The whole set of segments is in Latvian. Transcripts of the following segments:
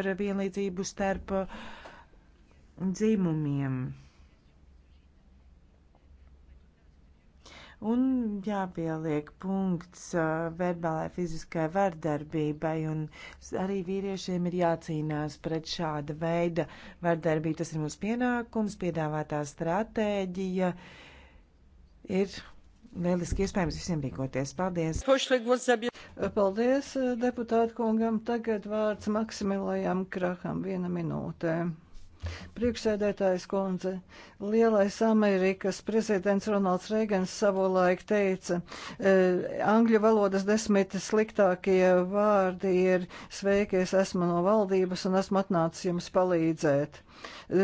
par vienlīdzību starp uh, dzimumiem. Un jāpieliek punkts uh, verbālai fiziskai vardarbībai, un arī vīriešiem ir jācīnās pret šāda veida vardarbību. Tas ir mūsu pienākums, piedāvātā stratēģija ir lieliski iespējams visiem rīkoties. Paldies! Paldies eh, deputātu kungam. Tagad vārds Maksimilijam Kraham viena minūtē. Priekšsēdētājs kundze, lielais Amerikas prezidents Ronalds Reigans savulaik teica, eh, angļu valodas desmit sliktākie vārdi ir sveiki, es esmu no valdības un esmu atnācis jums palīdzēt. Eh,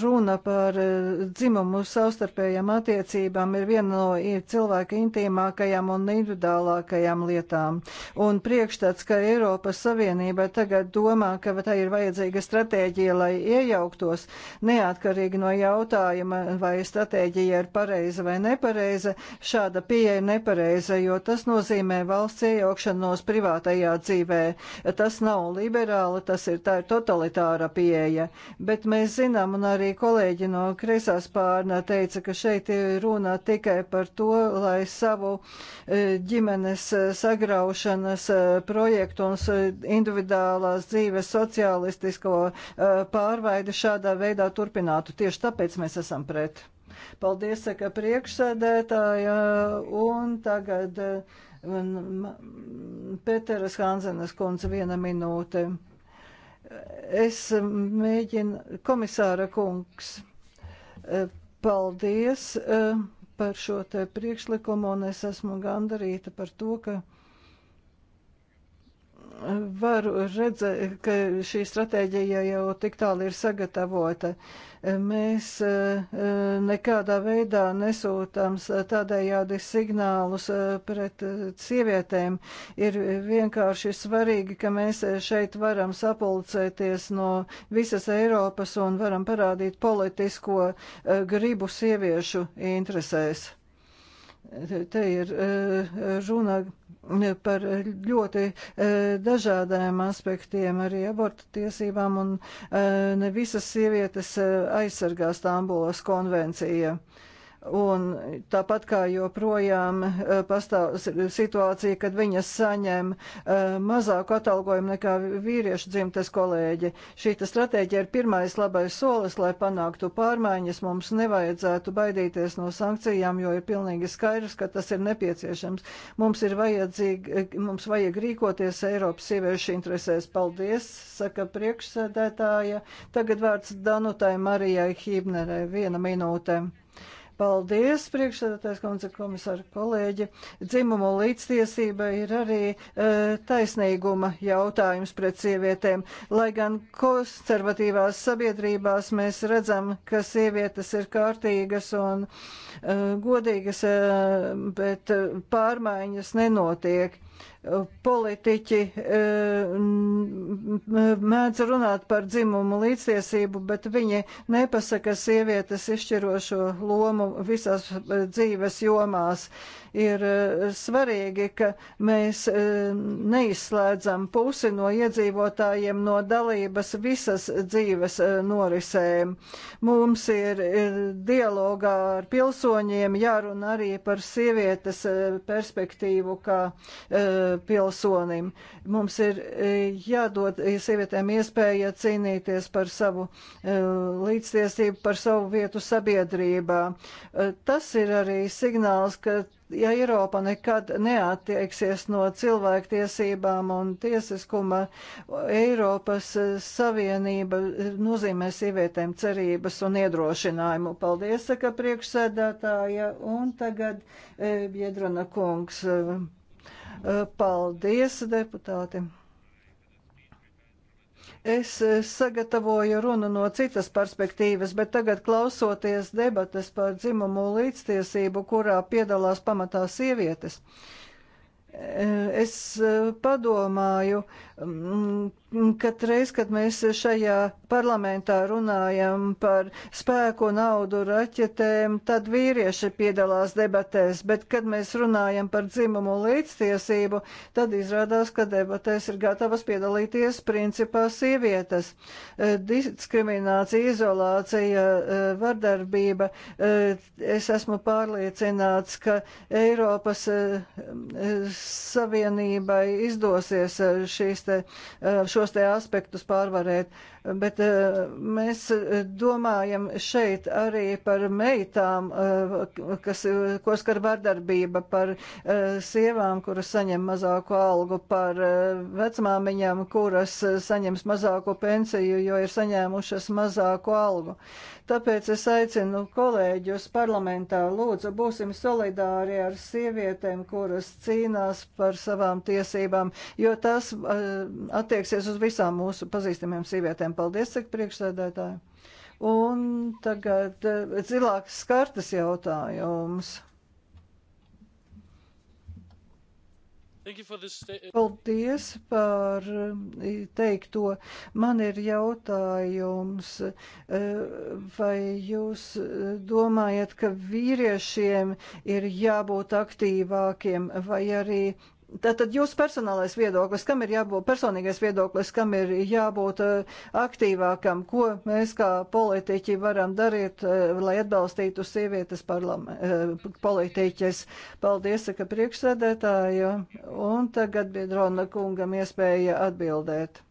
runa par eh, dzimumu savstarpējām attiecībām ir viena no cilvēka intīmākajām un individuālākajām lietām. Un priekšstats, ka Eiropas Savienība tagad domā, ka tā ir vajadzīga stratēģija, lai iejauktos, neatkarīgi no jautājuma, vai stratēģija ir pareiza vai nepareiza, šāda pieeja ir nepareiza, jo tas nozīmē valsts iejaukšanos privātajā dzīvē. Tas nav liberāli, tas ir tā ir totalitāra pieeja bet mēs zinām, un arī kolēģi no kreisās pārnā teica, ka šeit ir runa tikai par to, lai savu e, ģimenes e, sagraušanas e, projektu un individuālās dzīves sociālistisko pārvaidi šādā veidā turpinātu. Tieši tāpēc mēs esam pret. Paldies, saka priekšsēdētāja, un tagad Pēteras Hanzenes kundze viena minūte. Es mēģinu, komisāra kungs, e, paldies e, par šo te priekšlikumu, un es esmu gandarīta par to, ka varu redzēt, ka šī stratēģija jau tik tālu ir sagatavota. Mēs eh, eh, nekādā veidā nesūtām tādējādi signālus eh, pret sievietēm. Ir vienkārši svarīgi, ka mēs šeit varam sapulcēties no visas Eiropas un varam parādīt politisko gribu sieviešu interesēs. Te ir e, runa par ļoti e, dažādiem aspektiem, arī abortu tiesībām, un e, ne visas sievietes aizsargā Stambulas konvencija. Un tāpat kā joprojām eh, pastāv situācija, kad viņas saņem eh, mazāku atalgojumu nekā vīriešu dzimtes kolēģi. Šī stratēģija ir pirmais labais solis, lai panāktu pārmaiņas. Mums nevajadzētu baidīties no sankcijām, jo ir pilnīgi skaidrs, ka tas ir nepieciešams. Mums ir vajadzīgi, eh, mums vajag rīkoties Eiropas sieviešu interesēs. Paldies, saka priekšsēdētāja. Tagad vārds Danutai Marijai Hībnerei. Viena minūte. Paldies, priekšsēdētājs kundze, komisāra kolēģi. Dzimumu līdztiesība ir arī e, taisnīguma jautājums pret sievietēm. Lai gan konservatīvās sabiedrībās mēs redzam, ka sievietes ir kārtīgas un e, godīgas, e, bet pārmaiņas nenotiek. Politiķi eh, mēdz runāt par dzimumu līdztiesību, bet viņi nepasaka sievietes izšķirošo lomu visās eh, dzīves jomās. Ir eh, svarīgi, ka mēs neizslēdzam pusi no iedzīvotājiem no dalības visas dzīves norisēm. Mums ir dialogā ar pilsoņiem jārunā arī par sievietes perspektīvu, kā Eh, pilsonim. Mums ir eh, jādod eh, sievietēm iespēja cīnīties par savu līdztiesību, par savu vietu sabiedrībā. Tas ir arī signāls, ka ja Eiropa nekad neattieksies no cilvēktiesībām un tiesiskuma, Eiropas Savienība nozīmē sievietēm cerības un iedrošinājumu. Paldies, saka priekšsēdētāja, un tagad e, Biedrona kungs. E, Eh, paldies, deputāti! Es eh, sagatavoju runu no citas perspektīvas, bet tagad klausoties debates par dzimumu līdztiesību, kurā piedalās pamatā sievietes, eh, es padomāju, Mm, Katreiz, kad mēs šajā parlamentā runājam par spēku, naudu, raķetēm, tad vīrieši piedalās debatēs, bet, kad mēs runājam par dzimumu līdztiesību, tad izrādās, ka debatēs ir gatavas piedalīties principā sievietes. E, diskriminācija, izolācija, e, vardarbība. E, es esmu pārliecināts, ka Eiropas Savienībai izdosies šīs te E, šos te aspektus pārvarēt. Bet e, mēs domājam šeit arī par meitām, e, kas, ko skar vardarbība, par sievām, kuras saņem mazāku algu, par vecmāmiņām, kuras saņems mazāku pensiju, jo ir saņēmušas mazāku algu. Tāpēc es aicinu kolēģus parlamentā, lūdzu, būsim solidāri ar sievietēm, kuras cīnās par savām tiesībām, jo tas eh, attieksies uz visām mūsu pazīstamiem sievietēm. Paldies, saka priekšsēdētāji. Un tagad eh, zilākas kartas jautājums. Uh, Paldies par um, teikto. Man ir jautājums, uh, vai jūs uh, domājat, ka vīriešiem ir jābūt aktīvākiem vai arī Tātad jūsu personālais viedoklis, kam ir jābūt personīgais viedoklis, kam ir jābūt eh, aktīvākam, ko mēs kā politiķi varam darīt, eh, lai atbalstītu sievietes eh, politiķes. Paldies, ka priekšsēdētāju, un tagad Biedrona kungam iespēja atbildēt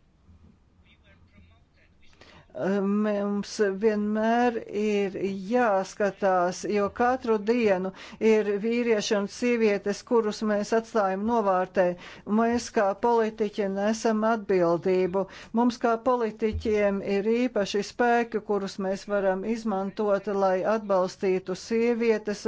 mums vienmēr ir jāskatās, jo katru dienu ir vīrieši un sievietes, kurus mēs atstājam novārtē. Mēs kā politiķi nesam atbildību. Mums kā politiķiem ir īpaši spēki, kurus mēs varam izmantot, lai atbalstītu sievietes,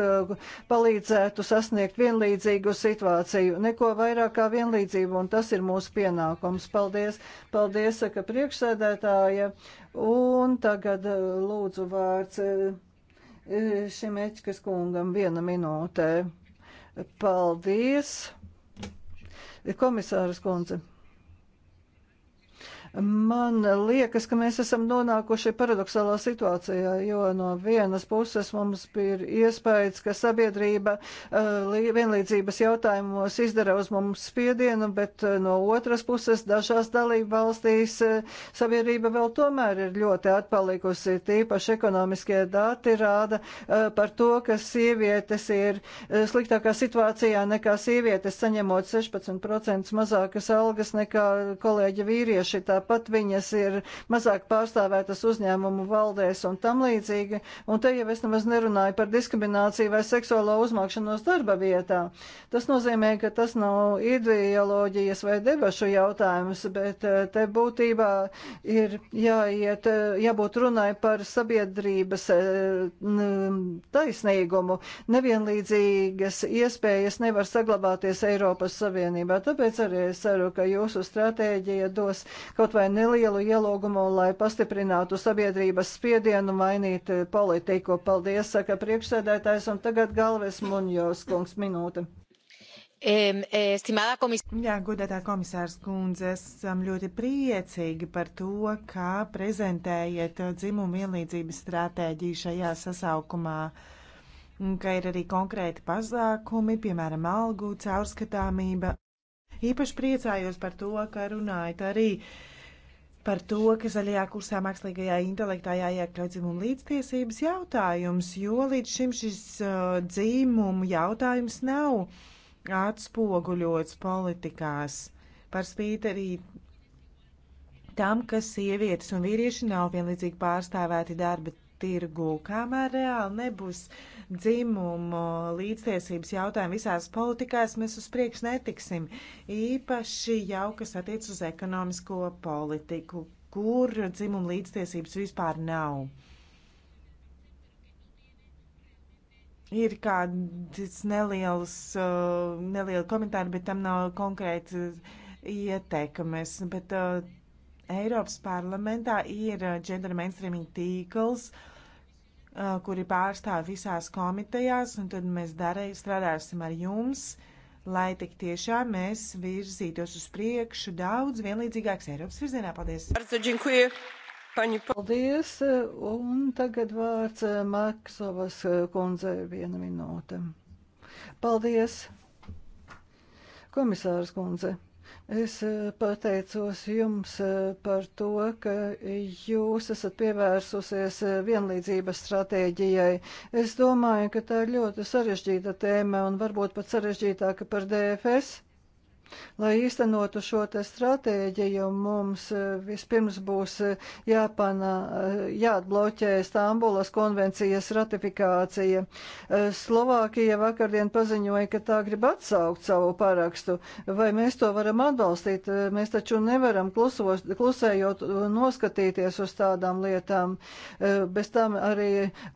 palīdzētu sasniegt vienlīdzīgu situāciju. Neko vairāk kā vienlīdzību, un tas ir mūsu pienākums. Paldies! Paldies, saka priekšsēdētāja. Un tagad eh, lūdzu vārds eh, šim Eķkas kungam viena minūtē. Paldies! Komisāras kundze. Man liekas, ka mēs esam nonākuši paradoxālā situācijā, jo no vienas puses mums ir iespējas, ka sabiedrība eh, vienlīdzības jautājumos izdara uz mums spiedienu, bet eh, no otras puses dažās dalību valstīs eh, sabiedrība vēl tomēr ir ļoti atpalikusi. Tīpaši ekonomiskie dati rāda par to, ka sievietes ir sliktākā situācijā nekā sievietes saņemot 16% mazākas algas nekā kolēģi vīrieši. Tā tāpat viņas ir mazāk pārstāvētas uzņēmumu valdēs un tam līdzīgi. Un te jau es nemaz nerunāju par diskrimināciju vai seksuālo uzmākšanos darba vietā. Tas nozīmē, ka tas nav ideoloģijas vai debašu jautājums, bet eh, te būtībā ir jāiet, eh, jābūt runai par sabiedrības eh, taisnīgumu. Nevienlīdzīgas iespējas nevar saglabāties Eiropas Savienībā. Tāpēc arī es ceru, ka jūsu stratēģija dos kaut kaut vai nelielu ielogumu, lai pastiprinātu sabiedrības spiedienu mainīt eh, politiku. Paldies, saka priekšsēdētājs, un tagad galvas Munjos kungs minūte. Eh, Estimētā komisāra. Jā, godētā komisārs kundze, esam ļoti priecīgi par to, kā prezentējiet eh, dzimumu vienlīdzības stratēģiju šajā sasaukumā. Un, ka ir arī konkrēti pasākumi, piemēram, algu caurskatāmība. Īpaši priecājos par to, ka runājat arī uh, par to, ka zaļajā kursā mākslīgajā intelektā jāiekļauj dzimumu līdztiesības jautājums, jo līdz šim šis uh, dzimumu jautājums nav atspoguļots politikās par spīti arī tam, ka sievietes un vīrieši nav vienlīdzīgi pārstāvēti darba tirgu, kamēr reāli nebūs dzimumu līdztiesības jautājumi visās politikās, mēs uz priekšu netiksim. Īpaši jau, kas attiec uz ekonomisko politiku, kur dzimumu līdztiesības vispār nav. Ir kāds neliels, uh, neliela komentāra, bet tam nav konkrēti ieteikamies. Bet uh, Eiropas parlamentā ir uh, gender mainstreaming tīkls, uh, Uh, kuri pārstāv visās komitejās, un tad mēs darē, strādāsim ar jums, lai tik tiešām mēs virzītos uz priekšu daudz vienlīdzīgāks Eiropas virzienā. Paldies! Paldies! Un tagad vārds eh, Maksovas eh, kundzei viena minūte. Paldies! Komisārs kundze! Es eh, pateicos jums eh, par to, ka jūs esat pievērsusies eh, vienlīdzības stratēģijai. Es domāju, ka tā ir ļoti sarežģīta tēma un varbūt pat sarežģītāka par DFS Lai īstenotu šo te stratēģiju, mums eh, vispirms būs eh, jāpana, eh, jāatbloķē Stambulas konvencijas ratifikācija. Slovākija vakardien paziņoja, ka tā grib atsaukt savu parakstu. Vai mēs to varam atbalstīt? Mēs taču nevaram klusos, klusējot noskatīties uz tādām lietām. Bez tam arī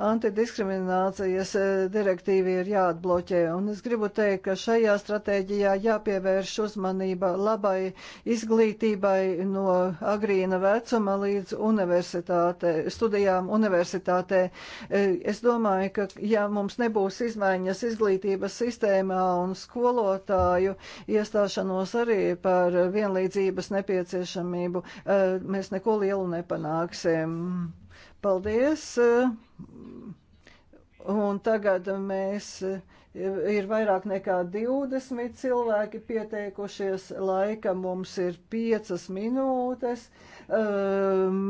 antidiskriminācijas direktīvi ir jāatbloķē. Un es gribu teikt, ka šajā stratēģijā jāpievērš uzmanība labai izglītībai no agrīna vecuma līdz universitātē, studijām universitātē. E, es domāju, ka ja mums nebūs izmaiņas izglītības sistēmā un skolotāju iestāšanos arī par vienlīdzības nepieciešamību, e, mēs neko lielu nepanāksim. Paldies! E, un tagad mēs ir vairāk nekā 20 cilvēki pieteikušies, laika mums ir 5 minūtes.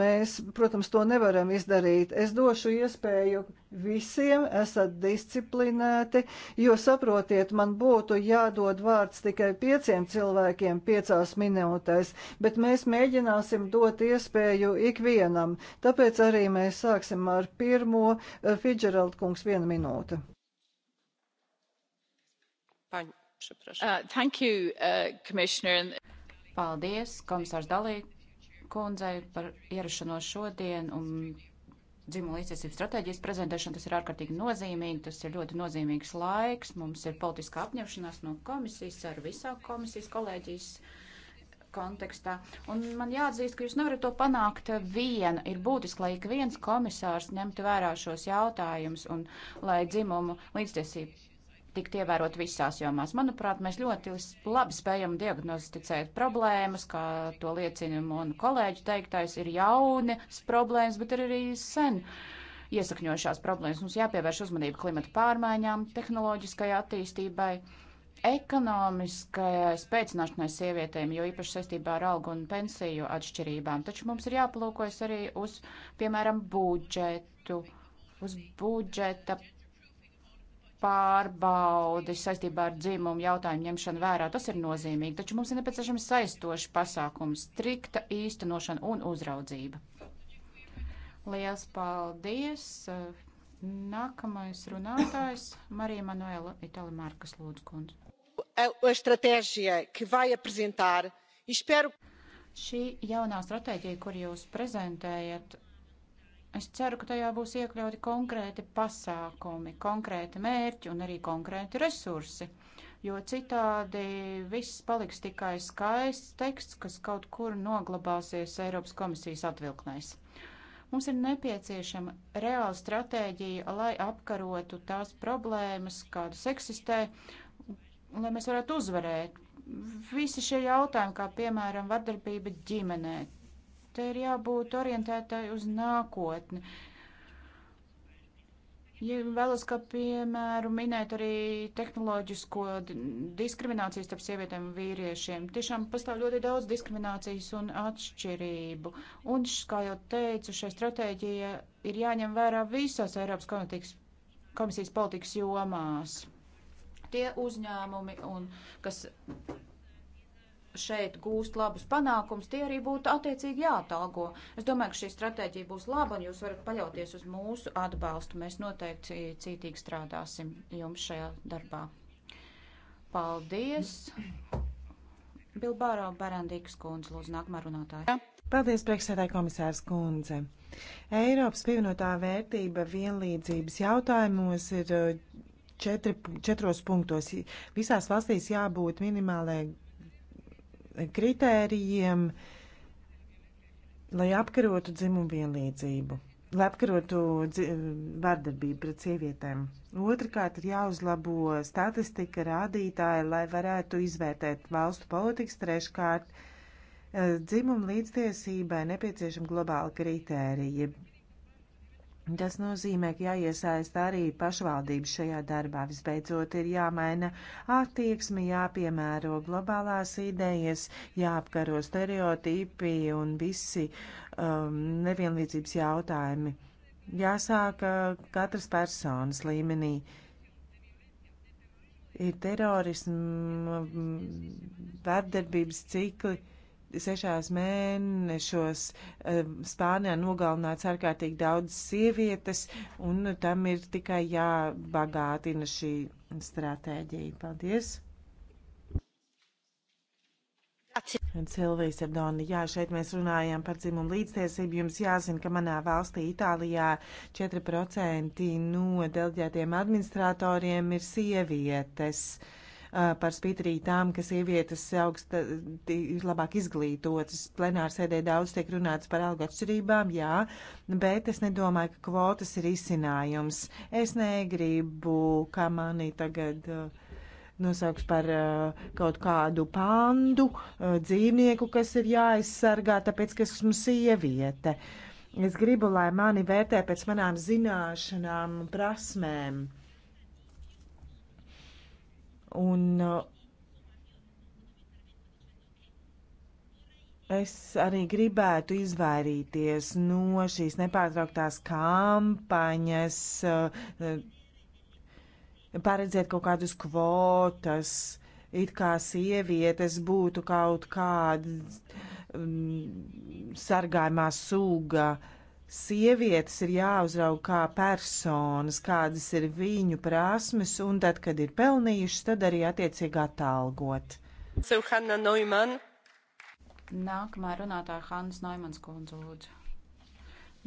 Mēs, protams, to nevaram izdarīt. Es došu iespēju visiem, esat disciplinēti, jo saprotiet, man būtu jādod vārds tikai pieciem cilvēkiem piecās minūtēs, bet mēs mēģināsim dot iespēju ikvienam. Tāpēc arī mēs sāksim ar pirmo Fidžerald kungs vienu minūtu. Paņ, uh, thank you, uh, Commissioner. Paldies, komisārs Dalī kundzei par ierašanos šodien un dzimumu līdztiesību stratēģijas prezentēšanu. Tas ir ārkārtīgi nozīmīgi, tas ir ļoti nozīmīgs laiks. Mums ir politiska apņemšanās no komisijas ar visā komisijas kolēģijas kontekstā. Un man jāatzīst, ka jūs nevarat to panākt viena. Ir būtiski, lai ik viens komisārs ņemtu vērā šos jautājumus un lai dzimumu līdztiesību tikt ievērot visās jomās. Manuprāt, mēs ļoti labi spējam diagnosticēt problēmas, kā to liecina un kolēģi teiktais, ir jaunas problēmas, bet ir arī sen iesakņojušās problēmas. Mums jāpievērš uzmanība klimata pārmaiņām, tehnoloģiskai attīstībai, ekonomiskai spēcināšanai sievietēm, jo īpaši saistībā ar algu un pensiju atšķirībām. Taču mums ir jāpalūkojas arī uz, piemēram, budžetu, uz budžeta pārbaudi saistībā ar dzimumu jautājumu ņemšanu vērā. Tas ir nozīmīgi, taču mums ir nepieciešams saistoši pasākums, strikta īstenošana un uzraudzība. Lielas paldies! Nākamais runātājs Marija Manuela Itāla Markas Lūdzu kundze. E Šī jaunā stratēģija, kur jūs prezentējat, Es ceru, ka tajā būs iekļauti konkrēti pasākumi, konkrēti mērķi un arī konkrēti resursi, jo citādi viss paliks tikai skaists teksts, kas kaut kur noglabāsies Eiropas komisijas atvilknēs. Mums ir nepieciešama reāla stratēģija, lai apkarotu tās problēmas, kādas eksistē, lai mēs varētu uzvarēt. Visi šie jautājumi, kā piemēram vardarbība ģimenē, te ir jābūt orientētai uz nākotni. Ja vēlas, ka, piemēram, minēt arī tehnoloģisko diskrimināciju starp sievietēm un vīriešiem, tiešām pastāv ļoti daudz diskriminācijas un atšķirību. Un, kā jau teicu, šai stratēģija ir jāņem vērā visās Eiropas komisijas, komisijas politikas jomās. Tie uzņēmumi, un, kas šeit gūst labus panākums, tie arī būtu attiecīgi jāatalgo. Es domāju, ka šī stratēģija būs laba un jūs varat paļauties uz mūsu atbalstu. Mēs noteikti cītīgi strādāsim jums šajā darbā. Paldies! Bilbāro Barandīkas kundze, lūdzu, nākamā runātāja. Paldies, priekšsēdāja komisārs kundze. Eiropas pievienotā vērtība vienlīdzības jautājumos ir uh, četri, četros punktos. Visās valstīs jābūt minimālai kritērijiem, lai apkarotu dzimumu vienlīdzību, lai apkarotu vardarbību pret sievietēm. Otrakārt ir jāuzlabo statistika rādītāji, lai varētu izvērtēt valstu politikas. Treškārt, eh, dzimumu līdztiesībai nepieciešama globāla kritērija, Tas nozīmē, ka jāiesaista arī pašvaldības šajā darbā. Visbeidzot, ir jāmaina attieksme, jāpiemēro globālās idejas, jāapkaro stereotipi un visi um, nevienlīdzības jautājumi. Jāsāk uh, katras personas līmenī. Ir terorismu, mm, vardarbības cikli sešās mēnešos eh, Spānijā nogalināts ārkārtīgi daudz sievietes, un tam ir tikai jābagātina šī stratēģija. Paldies! Silvija Sardoni, jā, šeit mēs runājam par dzimumu līdztiesību. Jums jāzina, ka manā valstī Itālijā 4% no delģētiem administratoriem ir sievietes. Uh, par spītrī tām, ka sievietes augsta ir labāk izglītotas. Plenāra sēdē daudz tiek runāts par algu atšķirībām, jā, bet es nedomāju, ka kvotas ir izcinājums. Es negribu, kā mani tagad. Uh, nosauks par uh, kaut kādu pandu, uh, dzīvnieku, kas ir jāaizsargā, tāpēc, ka esmu sieviete. Es gribu, lai mani vērtē pēc manām zināšanām, prasmēm. Un uh, es arī gribētu izvairīties no šīs nepārtrauktās kampaņas, uh, paredzēt kaut kādus kvotas, it kā sievietes būtu kaut kāda um, sargājumā sūga. Uh, sievietes ir jāuzrauga kā personas, kādas ir viņu prasmes, un tad, kad ir pelnījušas, tad arī attiecīgi atalgot. Nākamā runātāja Hannes Noimans kundze lūdzu.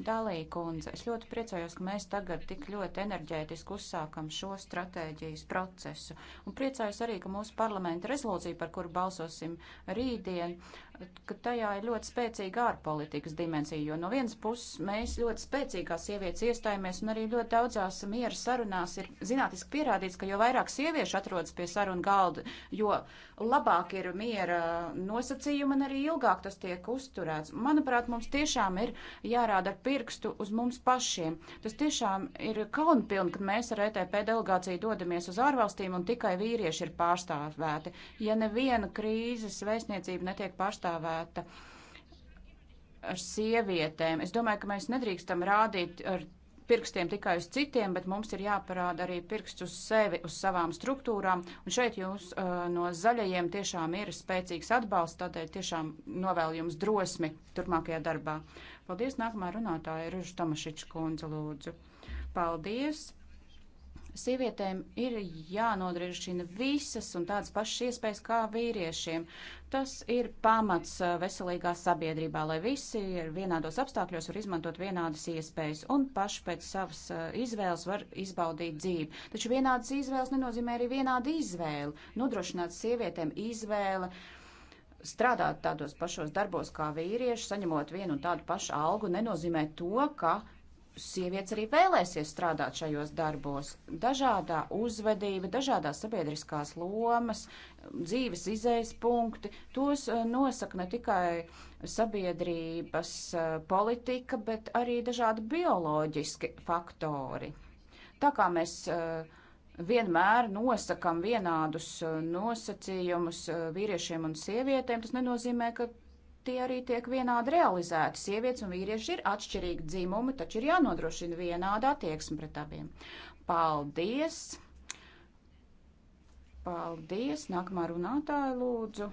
Dalī kundze, es ļoti priecājos, ka mēs tagad tik ļoti enerģētiski uzsākam šo stratēģijas procesu. Un priecājos arī, ka mūsu parlamenta rezolūcija, par kuru balsosim rītdien, ka tajā ir ļoti spēcīga ārpolitikas dimensija, jo no vienas puses mēs ļoti spēcīgās sievietes iestājamies un arī ļoti daudzās miera sarunās ir zinātiski pierādīts, ka jo vairāk sieviešu atrodas pie sarunu galda, jo labāk ir miera nosacījumi un arī ilgāk tas tiek uzturēts. Manuprāt, mums tiešām ir jārāda ar pirkstu uz mums pašiem. Tas tiešām ir kaunpilni, kad mēs ar ETP delegāciju dodamies uz ārvalstīm un tikai vīrieši ir pārstāvēti. Ja neviena krīzes vēstniecība netiek pārstāvēta ar sievietēm, es domāju, ka mēs nedrīkstam rādīt ar pirkstiem tikai uz citiem, bet mums ir jāparāda arī pirksts uz sevi, uz savām struktūrām. Un šeit jūs uh, no zaļajiem tiešām ir spēcīgs atbalsts, tādēļ tiešām novēlu jums drosmi turpmākajā darbā. Paldies, nākamā runātāja Ruža Tomašiča kundze lūdzu. Paldies! Sievietēm ir jānodrošina visas un tādas pašas iespējas kā vīriešiem. Tas ir pamats uh, veselīgā sabiedrībā, lai visi ir vienādos apstākļos var izmantot vienādas iespējas un paši pēc savas uh, izvēles var izbaudīt dzīvi. Taču vienādas izvēles nenozīmē arī vienādu izvēli. Nodrošināt sievietēm izvēle. Uh, strādāt tādos pašos darbos kā vīrieši, saņemot vienu un tādu pašu algu, nenozīmē to, ka sievietes arī vēlēsies strādāt šajos darbos. Dažādā uzvedība, dažādās sabiedriskās lomas, dzīves izējas punkti, tos eh, nosaka ne tikai sabiedrības eh, politika, bet arī dažādi bioloģiski faktori. Tā kā mēs uh, vienmēr nosakam vienādus uh, nosacījumus uh, vīriešiem un sievietēm, tas nenozīmē, ka tie arī tiek vienādi realizēti. Sievietes un vīrieši ir atšķirīgi dzimumi, taču ir jānodrošina vienāda attieksme pret abiem. Paldies! Paldies! Nākamā runātāja lūdzu.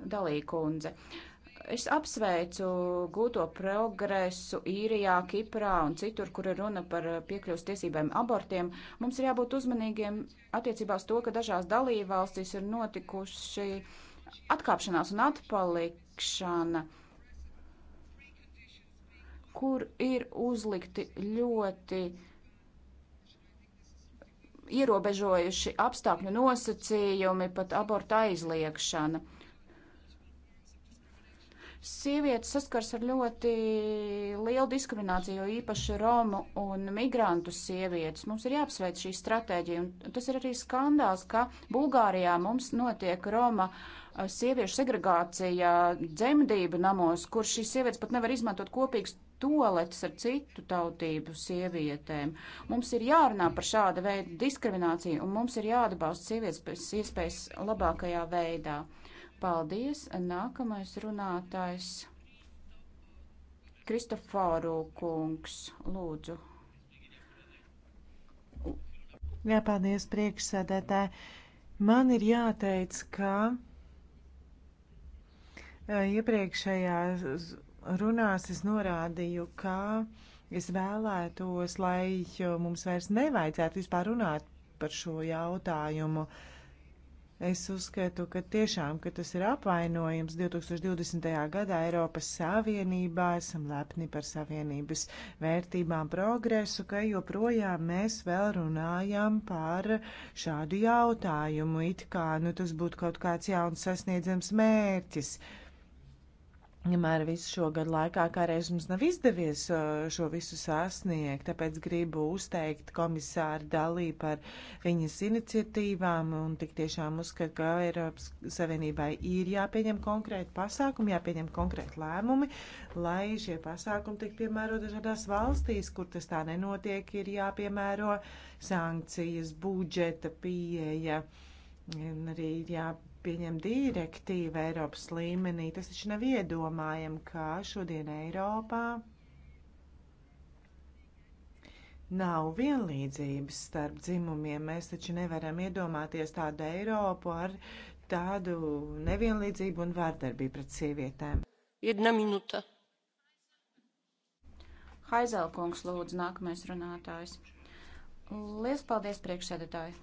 Dalīkundze. kundze. Es apsveicu gūto progresu īrijā, Kiprā un citur, kur ir runa par eh, piekļuvas tiesībām abortiem. Mums ir jābūt uzmanīgiem attiecībās to, ka dažās dalībvalstīs ir notikuši atkāpšanās un atpalikšana, kur ir uzlikti ļoti ierobežojuši apstākļu nosacījumi, pat aborta aizliekšana. Sievietes saskars ar ļoti lielu diskrimināciju, jo īpaši Romu un migrantu sievietes. Mums ir jāapsveic šī stratēģija, un tas ir arī skandāls, ka Bulgārijā mums notiek Roma sieviešu segregācija dzemdību namos, kur šīs sievietes pat nevar izmantot kopīgas toaletes ar citu tautību sievietēm. Mums ir jārunā par šāda veida diskrimināciju, un mums ir jāatbalsta sievietes pēc iespējas labākajā veidā. Paldies! Nākamais runātājs Kristoforu kungs, lūdzu. Jā, paldies priekšsēdētāji. Man ir jāteic, ka e, iepriekšējās runās es norādīju, ka es vēlētos, lai e, mums vairs nevajadzētu vispār runāt par šo jautājumu. Uh, Es uzskatu, ka tiešām, ka tas ir apvainojums 2020. gadā Eiropas Savienībā, esam lepni par Savienības vērtībām progresu, ka joprojām mēs vēl runājam par šādu jautājumu, it kā, nu tas būtu kaut kāds jauns sasniedzams mērķis. Uh, Vienmēr visu šo gadu laikā kādreiz mums nav izdevies uh, šo visu sasniegt, tāpēc gribu uzteikt komisāru dalī par viņas iniciatīvām un tik tiešām uzskatu, ka Eiropas Savienībai ir jāpieņem konkrēti pasākumi, jāpieņem konkrēti lēmumi, lai šie pasākumi tik piemēro dažādās valstīs, kur tas tā nenotiek, ir jāpiemēro sankcijas, budžeta pieeja. Un arī jā, pieņem direktīva Eiropas līmenī. Tas taču nav iedomājami, kā šodien Eiropā nav vienlīdzības starp dzimumiem. Mēs taču nevaram iedomāties tādu Eiropu ar tādu nevienlīdzību un vārdarbību pret sievietēm. Jedna minūte. Haizelkungs lūdzu nākamais runātājs. Lies paldies priekšsēdētāji!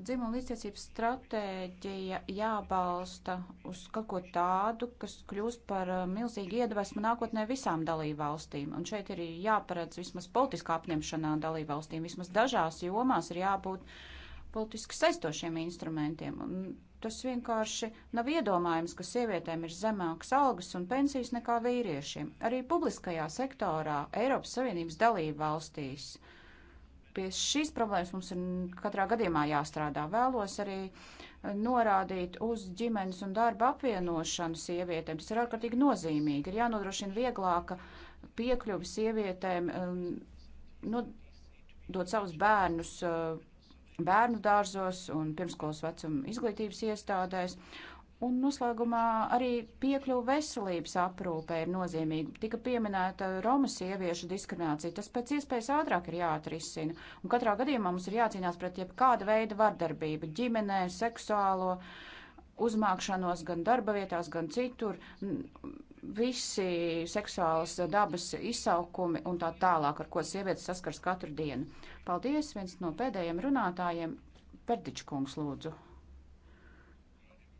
dzimuma līdztiesības stratēģija jābalsta uz kaut ko tādu, kas kļūst par uh, milzīgu iedvesmu nākotnē visām dalībvalstīm. Un šeit ir jāparedz vismaz politiskā apņemšanā dalībvalstīm. Vismaz dažās jomās ir jābūt politiski saistošiem instrumentiem. Un tas vienkārši nav iedomājams, ka sievietēm ir zemākas algas un pensijas nekā vīriešiem. Arī publiskajā sektorā Eiropas Savienības dalībvalstīs valstīs Pie šīs problēmas mums ir katrā gadījumā jāstrādā. Vēlos arī eh, norādīt uz ģimenes un darba apvienošanu sievietēm. Tas ir ārkārtīgi nozīmīgi. Ir jānodrošina vieglāka piekļuvi sievietēm, um, no, dot savus bērnus uh, bērnu dārzos un pirmskolas vecuma izglītības iestādēs. Uh, Un noslēgumā arī piekļuva veselības aprūpē ir nozīmīga. Tika pieminēta Roma sieviešu diskriminācija. Tas pēc iespējas ātrāk ir jāatrisina. Un katrā gadījumā mums ir jācīnās pret jebkāda veida vardarbību - ģimenē, seksuālo uzmākšanos gan darba vietās, gan citur. Visi seksuālas dabas izsaukumi un tā tālāk, ar ko sievietes saskars katru dienu. Paldies! Viens no pēdējiem runātājiem - Perdičkungs lūdzu.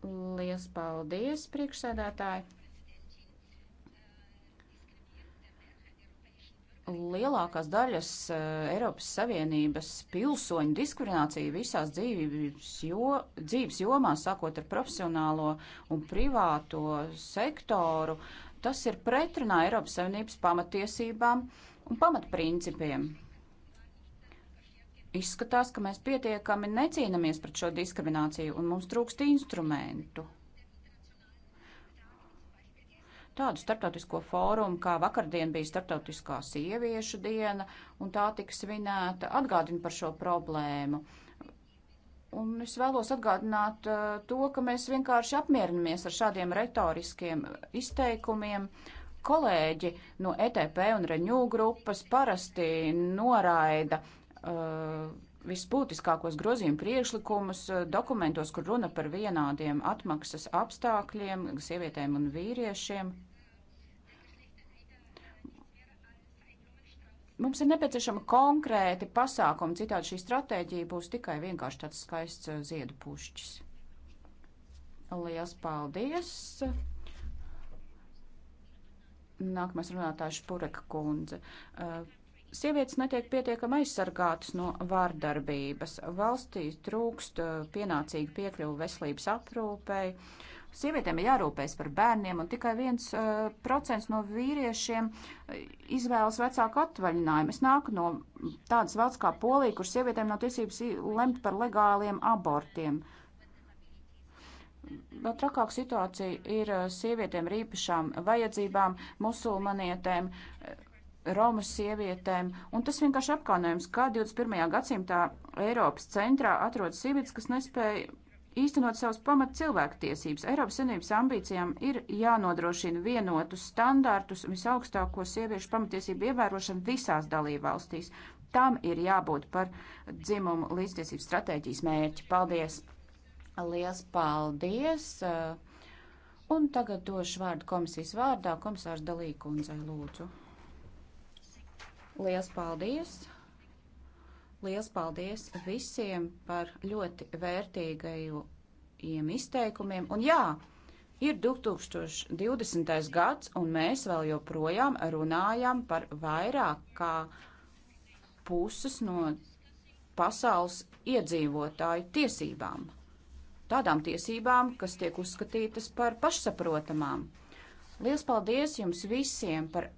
Liels paldies, priekšsēdētāji! Lielākās daļas eh, Eiropas Savienības pilsoņu diskriminācija visās dzīves, jo, dzīves jomās, sākot ar profesionālo un privāto sektoru, tas ir pretrunā Eiropas Savienības pamatiesībām un pamatprincipiem. Izskatās, ka mēs pietiekami necīnāmies pret šo diskrimināciju un mums trūkst instrumentu. Tādu starptautisko fórumu, kā vakardien bija Startautiskā sieviešu diena, un tā tika svinēta, atgādina par šo problēmu. Un es vēlos atgādināt uh, to, ka mēs vienkārši apmierinamies ar šādiem retoriskiem izteikumiem. Kolēģi no ETP un Reņū grupas parasti noraida uh, Uh, visbūtiskākos grozījumu priešlikumus uh, dokumentos, kur runa par vienādiem atmaksas apstākļiem sievietēm un vīriešiem. Mums ir nepieciešama konkrēti pasākumi, citādi šī stratēģija būs tikai vienkārši tāds skaists uh, ziedu pušķis. Lielas paldies! Nākamais runātājs Pureka kundze. Uh, Sievietes netiek pietiekami aizsargātas no vārdarbības. Valstī trūkst uh, pienācīgu piekļuvu veselības aprūpei. Sievietēm ir jārūpēs par bērniem, un tikai viens uh, procents no vīriešiem uh, izvēlas vecāku atvaļinājumu. Es nāku no tādas valsts kā Polija, kur sievietēm nav tiesības lemt par legāliem abortiem. Vēl trakāka situācija ir uh, sievietēm ar īpašām vajadzībām, musulmanietēm. Uh, Romas sievietēm, un tas vienkārši apkaunojums, kā 21. gadsimtā Eiropas centrā atrodas sievietes, kas nespēja īstenot savus pamat cilvēktiesības. Eiropas Savienības ambīcijām ir jānodrošina vienotus standārtus visaugstāko sieviešu pamatiesību ievērošanu visās dalībvalstīs. Tam ir jābūt par dzimumu līdztiesības stratēģijas mērķi. Paldies! Liels paldies! Un tagad došu vārdu komisijas vārdā. Komisārs Dalīkundzei lūdzu. Liels paldies! Liels paldies visiem par ļoti vērtīgajiem izteikumiem. Un jā, ir 2020. gads, un mēs vēl joprojām runājam par vairāk kā puses no pasaules iedzīvotāju tiesībām. Tādām tiesībām, kas tiek uzskatītas par pašsaprotamām. Liels paldies jums visiem par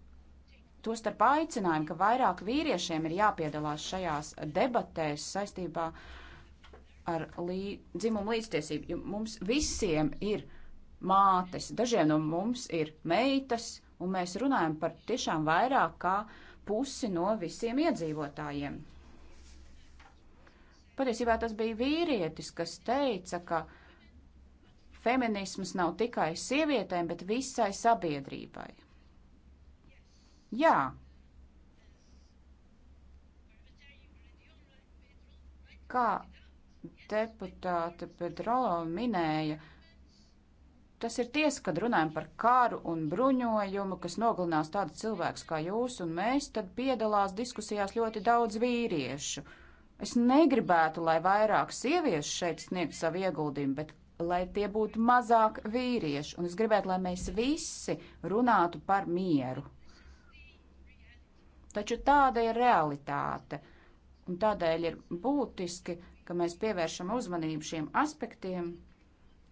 Tostarp aicinājumu, ka vairāk vīriešiem ir jāpiedalās šajās debatēs saistībā ar lī, dzimumu līdztiesību, jo mums visiem ir mātes, dažiem no mums ir meitas, un mēs runājam par tiešām vairāk kā pusi no visiem iedzīvotājiem. Patiesībā tas bija vīrietis, kas teica, ka feminisms nav tikai sievietēm, bet visai sabiedrībai. Jā. Kā deputāte Pedrolo minēja, tas ir tiesa, kad runājam par karu un bruņojumu, kas nogalinās tādus cilvēkus kā jūs un mēs, tad piedalās diskusijās ļoti daudz vīriešu. Es negribētu, lai vairāk sieviešu šeit sniegtu savu ieguldījumu, bet lai tie būtu mazāk vīriešu, un es gribētu, lai mēs visi runātu par mieru. Taču tāda ir realitāte, un tādēļ ir būtiski, ka mēs pievēršam uzmanību šiem aspektiem,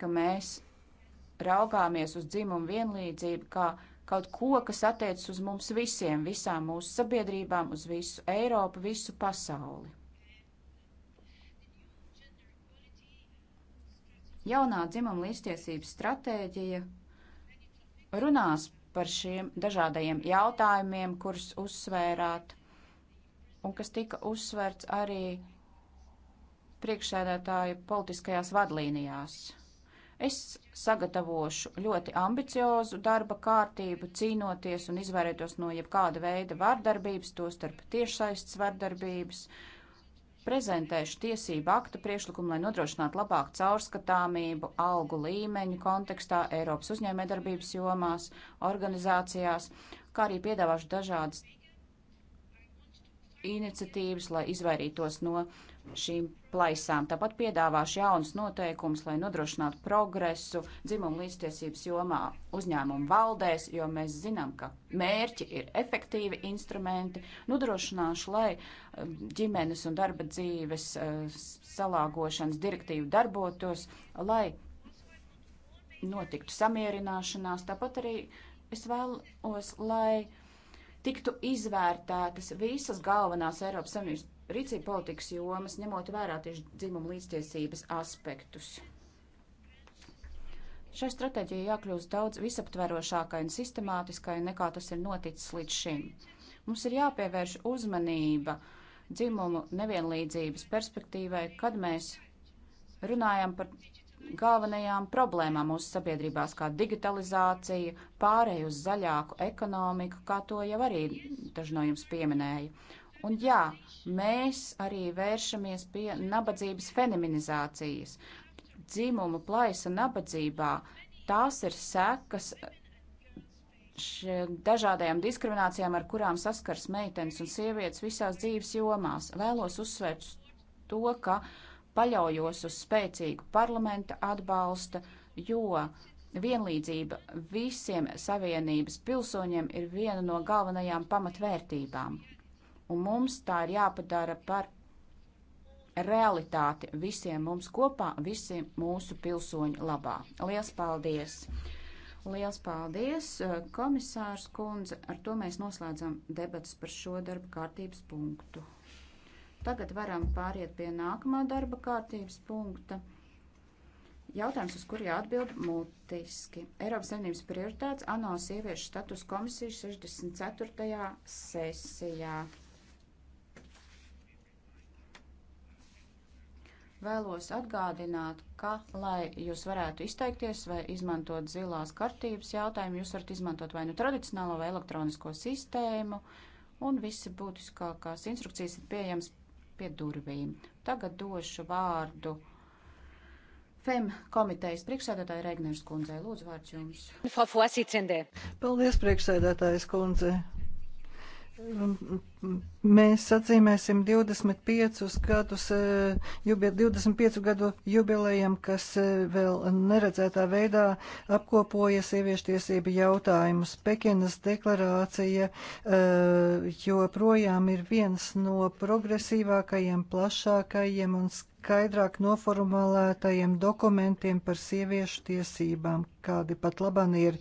ka mēs raugāmies uz dzimumu vienlīdzību kā kaut ko, kas attiecas uz mums visiem, visām mūsu sabiedrībām, uz visu Eiropu, visu pasauli. Jaunā dzimuma līdztiesības stratēģija runās par šiem dažādajiem jautājumiem, kurus uzsvērāt un kas tika uzsvērts arī priekšsēdētāju politiskajās vadlīnijās. Es sagatavošu ļoti ambiciozu darba kārtību, cīnoties un izvairītos no jebkāda veida vardarbības, tostarp tiešsaistes vardarbības. Uh, prezentēšu tiesību aktu priekšlikumu, lai nodrošinātu labāku caurskatāmību algu līmeņu kontekstā Eiropas uzņēmējdarbības jomās, organizācijās, kā arī piedāvāšu dažādas iniciatīvas, lai izvairītos no uh, šīm plaisām. Tāpat piedāvāšu jaunus noteikumus, lai nodrošinātu progresu dzimumu līdztiesības jomā uzņēmumu valdēs, jo mēs zinām, ka mērķi ir efektīvi instrumenti. Nodrošināšu, lai um, ģimenes un darba dzīves uh, salāgošanas direktīva darbotos, lai notiktu samierināšanās. Tāpat arī es vēlos, lai tiktu izvērtētas visas galvenās Eiropas Savienības rīcību politikas jomas, ņemot vērā tieši dzimumu līdztiesības aspektus. Šai stratēģijai jākļūst daudz visaptverošākai un sistemātiskai nekā tas ir noticis līdz šim. Mums ir jāpievērš uzmanība dzimumu nevienlīdzības perspektīvai, kad mēs runājam par galvenajām problēmām mūsu sabiedrībās, kā digitalizācija, pārēj uz zaļāku ekonomiku, kā to jau arī daži no jums pieminēja. Un jā, mēs arī vēršamies pie nabadzības fenomenizācijas. Dzīmumu plaisa nabadzībā tās ir sekas dažādajām diskriminācijām, ar kurām saskars meitenes un sievietes visās dzīves jomās. Vēlos uzsvērt to, ka paļaujos uz spēcīgu parlamenta atbalsta, jo vienlīdzība visiem savienības pilsoņiem ir viena no galvenajām pamatvērtībām un mums tā ir jāpadara par realitāti visiem mums kopā, visi mūsu pilsoņu labā. Liels paldies! Liels paldies, eh, komisārs kundze! Ar to mēs noslēdzam debatas par šo darba kārtības punktu. Tagad varam pāriet pie nākamā darba kārtības punkta. Jautājums, uz kuru jāatbild mutiski. Eiropas Savienības prioritāts ANO sieviešu status komisijas 64. sesijā. Vēlos atgādināt, ka, lai jūs varētu izteikties vai izmantot zilās kartības jautājumu, jūs varat izmantot vai nu tradicionālo vai elektronisko sistēmu, un visi būtiskākās instrukcijas ir pieejams pie durvīm. Tagad došu vārdu FEM komitejas priekšsēdētāja Regners kundzei. Lūdzu, vārds jums. Paldies, priekšsēdētājas kundze. Mēs atzīmēsim 25 gadus, e, jubi, 25 gadu jubilejam, kas e, vēl neredzētā veidā apkopoja sieviešu tiesību jautājumus. Pekinas deklarācija e, joprojām ir viens no progresīvākajiem, plašākajiem un skatītākajiem skaidrāk noformulētajiem dokumentiem par sieviešu tiesībām, kādi pat labam ir.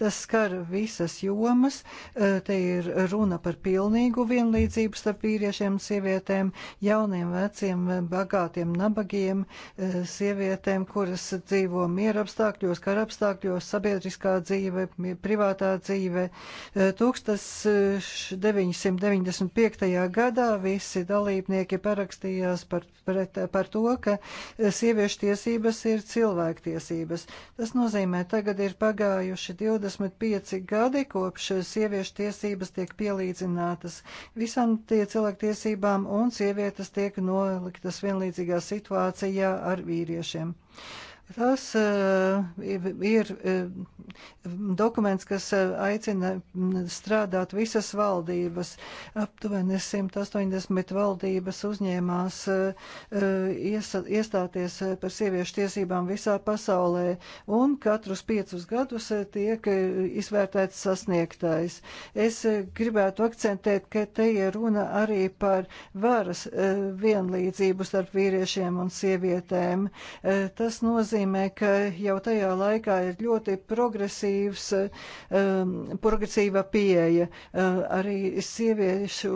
Tas skar visas jomas. Eh, te ir runa par pilnīgu vienlīdzību starp vīriešiem un sievietēm, jauniem, veciem, bagātiem, nabagiem, eh, sievietēm, kuras dzīvo miera apstākļos, kara apstākļos, sabiedriskā dzīve, privātā dzīve. 1995. Eh, gadā visi dalībnieki parakstījās par, pret, par par to, ka eh, sieviešu tiesības ir cilvēktiesības. Tas nozīmē, tagad ir pagājuši 25 gadi, kopš eh, sieviešu tiesības tiek pielīdzinātas visām tie cilvēktiesībām un sievietes tiek noliktas vienlīdzīgā situācijā ar vīriešiem. Tas eh, ir eh, dokuments, kas eh, aicina mm, strādāt visas valdības. Aptuveni 180 valdības uzņēmās iestāties par sieviešu tiesībām visā pasaulē, un katrus piecus gadus tiek izvērtēts sasniegtais. Es gribētu akcentēt, ka te ir runa arī par varas vienlīdzību starp vīriešiem un sievietēm. Tas nozīmē, nozīmē, ka jau tajā laikā ir ļoti progresīvs, um, progresīva pieeja. Uh, arī sieviešu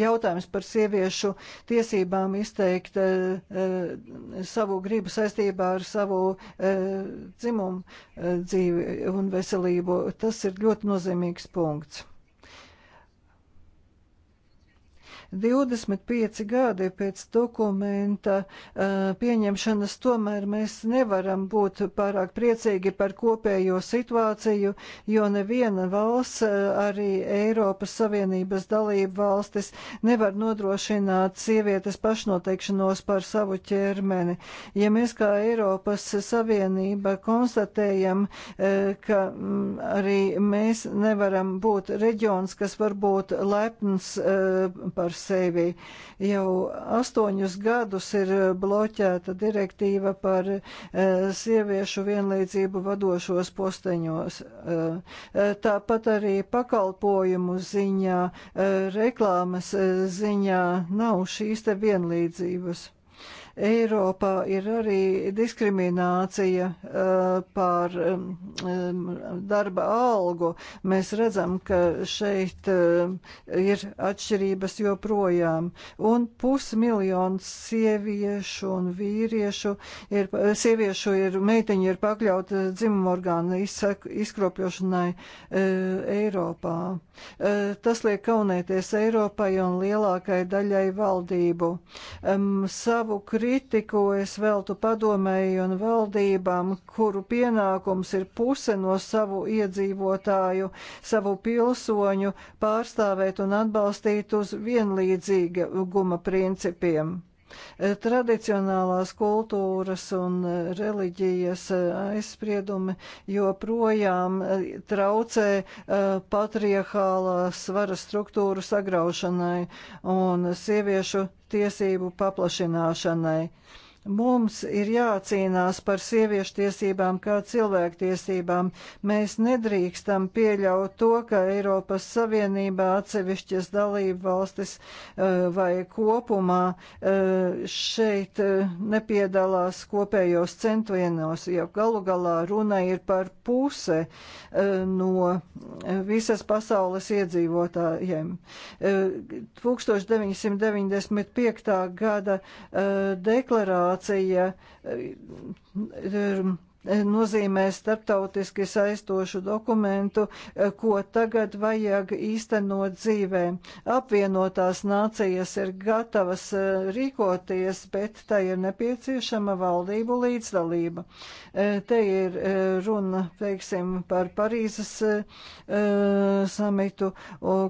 jautājums par sieviešu tiesībām izteikt uh, uh, savu gribu saistībā ar savu dzimumu dzīvi un veselību. Tas ir ļoti nozīmīgs punkts. 25 gadi pēc dokumenta eh, pieņemšanas tomēr mēs nevaram būt pārāk priecīgi par kopējo situāciju, jo neviena valsts, eh, arī Eiropas Savienības dalība valstis, nevar nodrošināt sievietes pašnoteikšanos par savu ķermeni. Ja mēs kā Eiropas Savienība konstatējam, eh, ka mm, arī mēs nevaram būt reģions, kas var būt lepns par sevi. Jau astoņus gadus ir bloķēta direktīva par eh, sieviešu vienlīdzību vadošos posteņos. Eh, eh, tāpat arī pakalpojumu ziņā, reklāmas ziņā nav šīs te vienlīdzības. Eiropā ir arī diskriminācija eh, par darba algu. Mēs redzam, ka šeit eh, ir atšķirības joprojām. Un pusmiljons sieviešu un vīriešu ir, sieviešu ir, meiteņi ir pakļauta eh, dzimumu orgānu izkropļošanai Eiropā. Tas liek kaunēties Eiropai un lielākai daļai valdību. Savu kritiku es veltu padomēju un valdībām, kuru pienākums ir puse no savu iedzīvotāju, savu pilsoņu pārstāvēt un atbalstīt uz vienlīdzīga guma principiem. Tradicionālās kultūras un reliģijas aizspriedumi joprojām traucē eh, patriarchālās varas struktūru sagraušanai un sieviešu tiesību paplašināšanai. Mums ir jācīnās par sieviešu tiesībām kā cilvēktiesībām. Mēs nedrīkstam pieļaut to, ka Eiropas Savienībā atsevišķas dalību valstis eh, vai kopumā eh, šeit eh, nepiedalās kopējos centienos, jo galu galā runa ir par puse no visas pasaules iedzīvotājiem. 1995. gada deklarācija situācija eh, nozīmē starptautiski saistošu dokumentu, eh, ko tagad vajag īstenot dzīvē. Apvienotās nācijas ir gatavas eh, rīkoties, bet tai ir nepieciešama valdību līdzdalība. Eh, te ir runa, teiksim, par Parīzes samitu,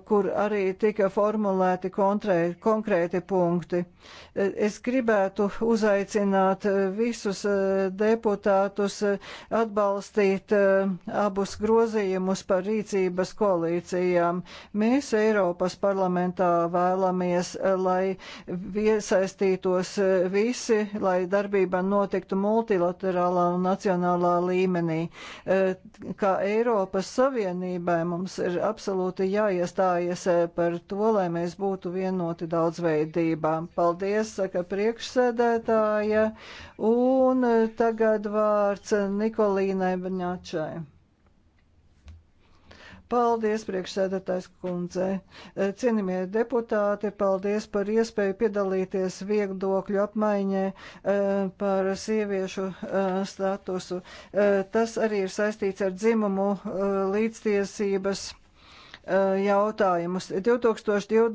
kur arī tika formulēti kontrē, konkrēti punkti. Es gribētu uzaicināt visus deputātus atbalstīt eh, abus grozījumus par rīcības koalīcijām. Mēs Eiropas parlamentā vēlamies, eh, lai iesaistītos eh, visi, lai darbība notiktu multilaterālā un nacionālā līmenī. Kā Eiropas Savienībai mums ir absolūti jāiestājas par to, lai mēs būtu vienoti daudzveidībā. Paldies, saka priekšsēdētāja. Un tagad vārds Nikolīnai Baņāčai. Paldies, priekšsēdētājs kundze. Eh, cienījamie deputāti, paldies par iespēju piedalīties viegdokļu apmaiņē eh, par sieviešu eh, statusu. Tas arī ir saistīts ar dzimumu līdztiesības jautājumus. 2020.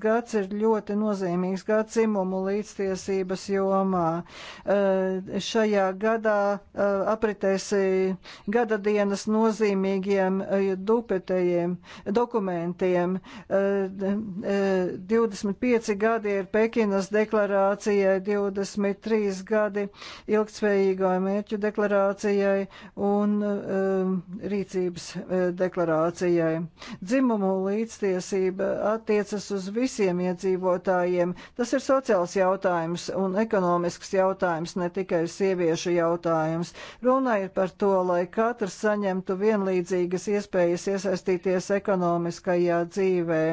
gads ir ļoti nozīmīgs gads dzimumu līdztiesības jomā. Šajā gadā apritēs gada dienas nozīmīgiem dupetējiem dokumentiem. 25 gadi ir Pekinas deklarācijai, 23 gadi ilgtspējīgai mērķu deklarācijai un rīcības deklarācijai. Dzimumu līdztiesība attiecas uz visiem iedzīvotājiem. Tas ir sociāls jautājums un ekonomisks jautājums, ne tikai sieviešu jautājums. Runa ir par to, lai katrs saņemtu vienlīdzīgas iespējas iesaistīties ekonomiskajā dzīvē.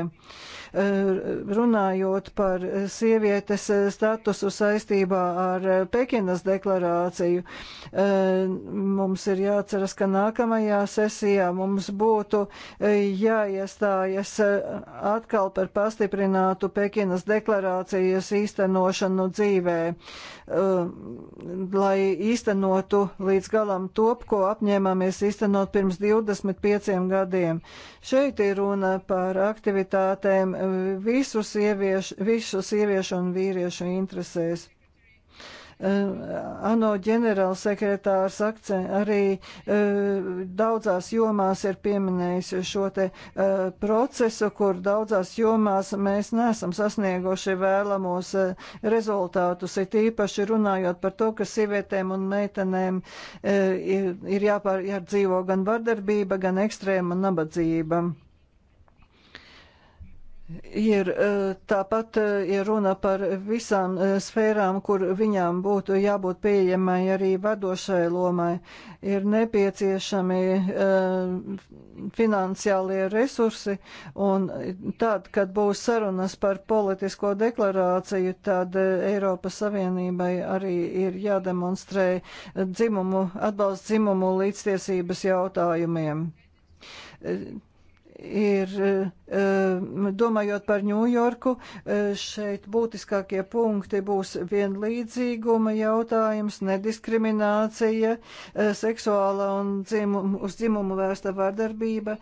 Eh, runājot par sievietes eh, statusu saistībā ar eh, Pekinas deklarāciju. Mums ir jāceras, ka nākamajā sesijā mums būtu jāiestājas atkal par pastiprinātu Pekinas deklarācijas īstenošanu dzīvē, lai īstenotu līdz galam top, ko apņēmāmies īstenot pirms 25 gadiem. Šeit ir runa par aktivitātēm visu sieviešu, visu sieviešu un vīriešu interesēs. ANO ģenerālsekretārs akcent arī e, daudzās jomās ir pieminējis šo te e, procesu, kur daudzās jomās mēs nesam sasnieguši vēlamos e, rezultātus, it īpaši runājot par to, ka sievietēm un meitenēm ir jāpār, jādzīvo gan vardarbība, gan ekstrēma nabadzība. Ir e, tāpat e, ir runa par visām e, sfērām, kur viņām būtu jābūt pieejamai arī vadošai lomai. Ir nepieciešami uh, finansiālie resursi, un tad, kad būs sarunas par politisko deklarāciju, tad Eiropas Savienībai arī ir jādemonstrē dzimumu, atbalsts dzimumu līdztiesības jautājumiem ir, e, e, domājot par Ņujorku, e, šeit būtiskākie punkti būs vienlīdzīguma jautājums, nediskriminācija, seksuāla un dzimumu, uz dzimumu vērsta vardarbība,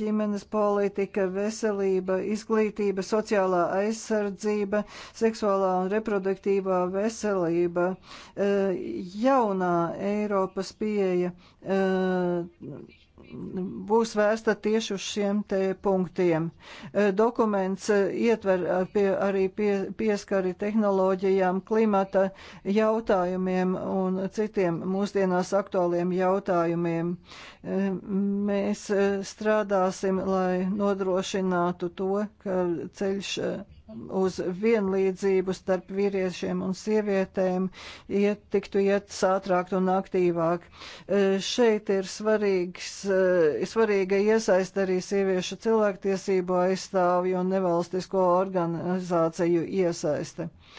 ģimenes politika, veselība, izglītība, sociālā aizsardzība, seksuālā un reproduktīvā veselība, jaunā Eiropas pieeja būs vērsta tieši uz šiem te punktiem. E, dokuments e, ietver pie, arī pie, pieskari tehnoloģijām, klimata jautājumiem un citiem mūsdienās aktuāliem jautājumiem. E, mēs strādāsim, lai nodrošinātu to, ka ceļš uz vienlīdzību starp vīriešiem un sievietēm iet, tiktu iet sātrāk un aktīvāk. E, šeit ir svarīgs, e, svarīga iesaist arī sieviešu cilvēktiesību aizstāvju un nevalstisko organizāciju iesaiste. Uh,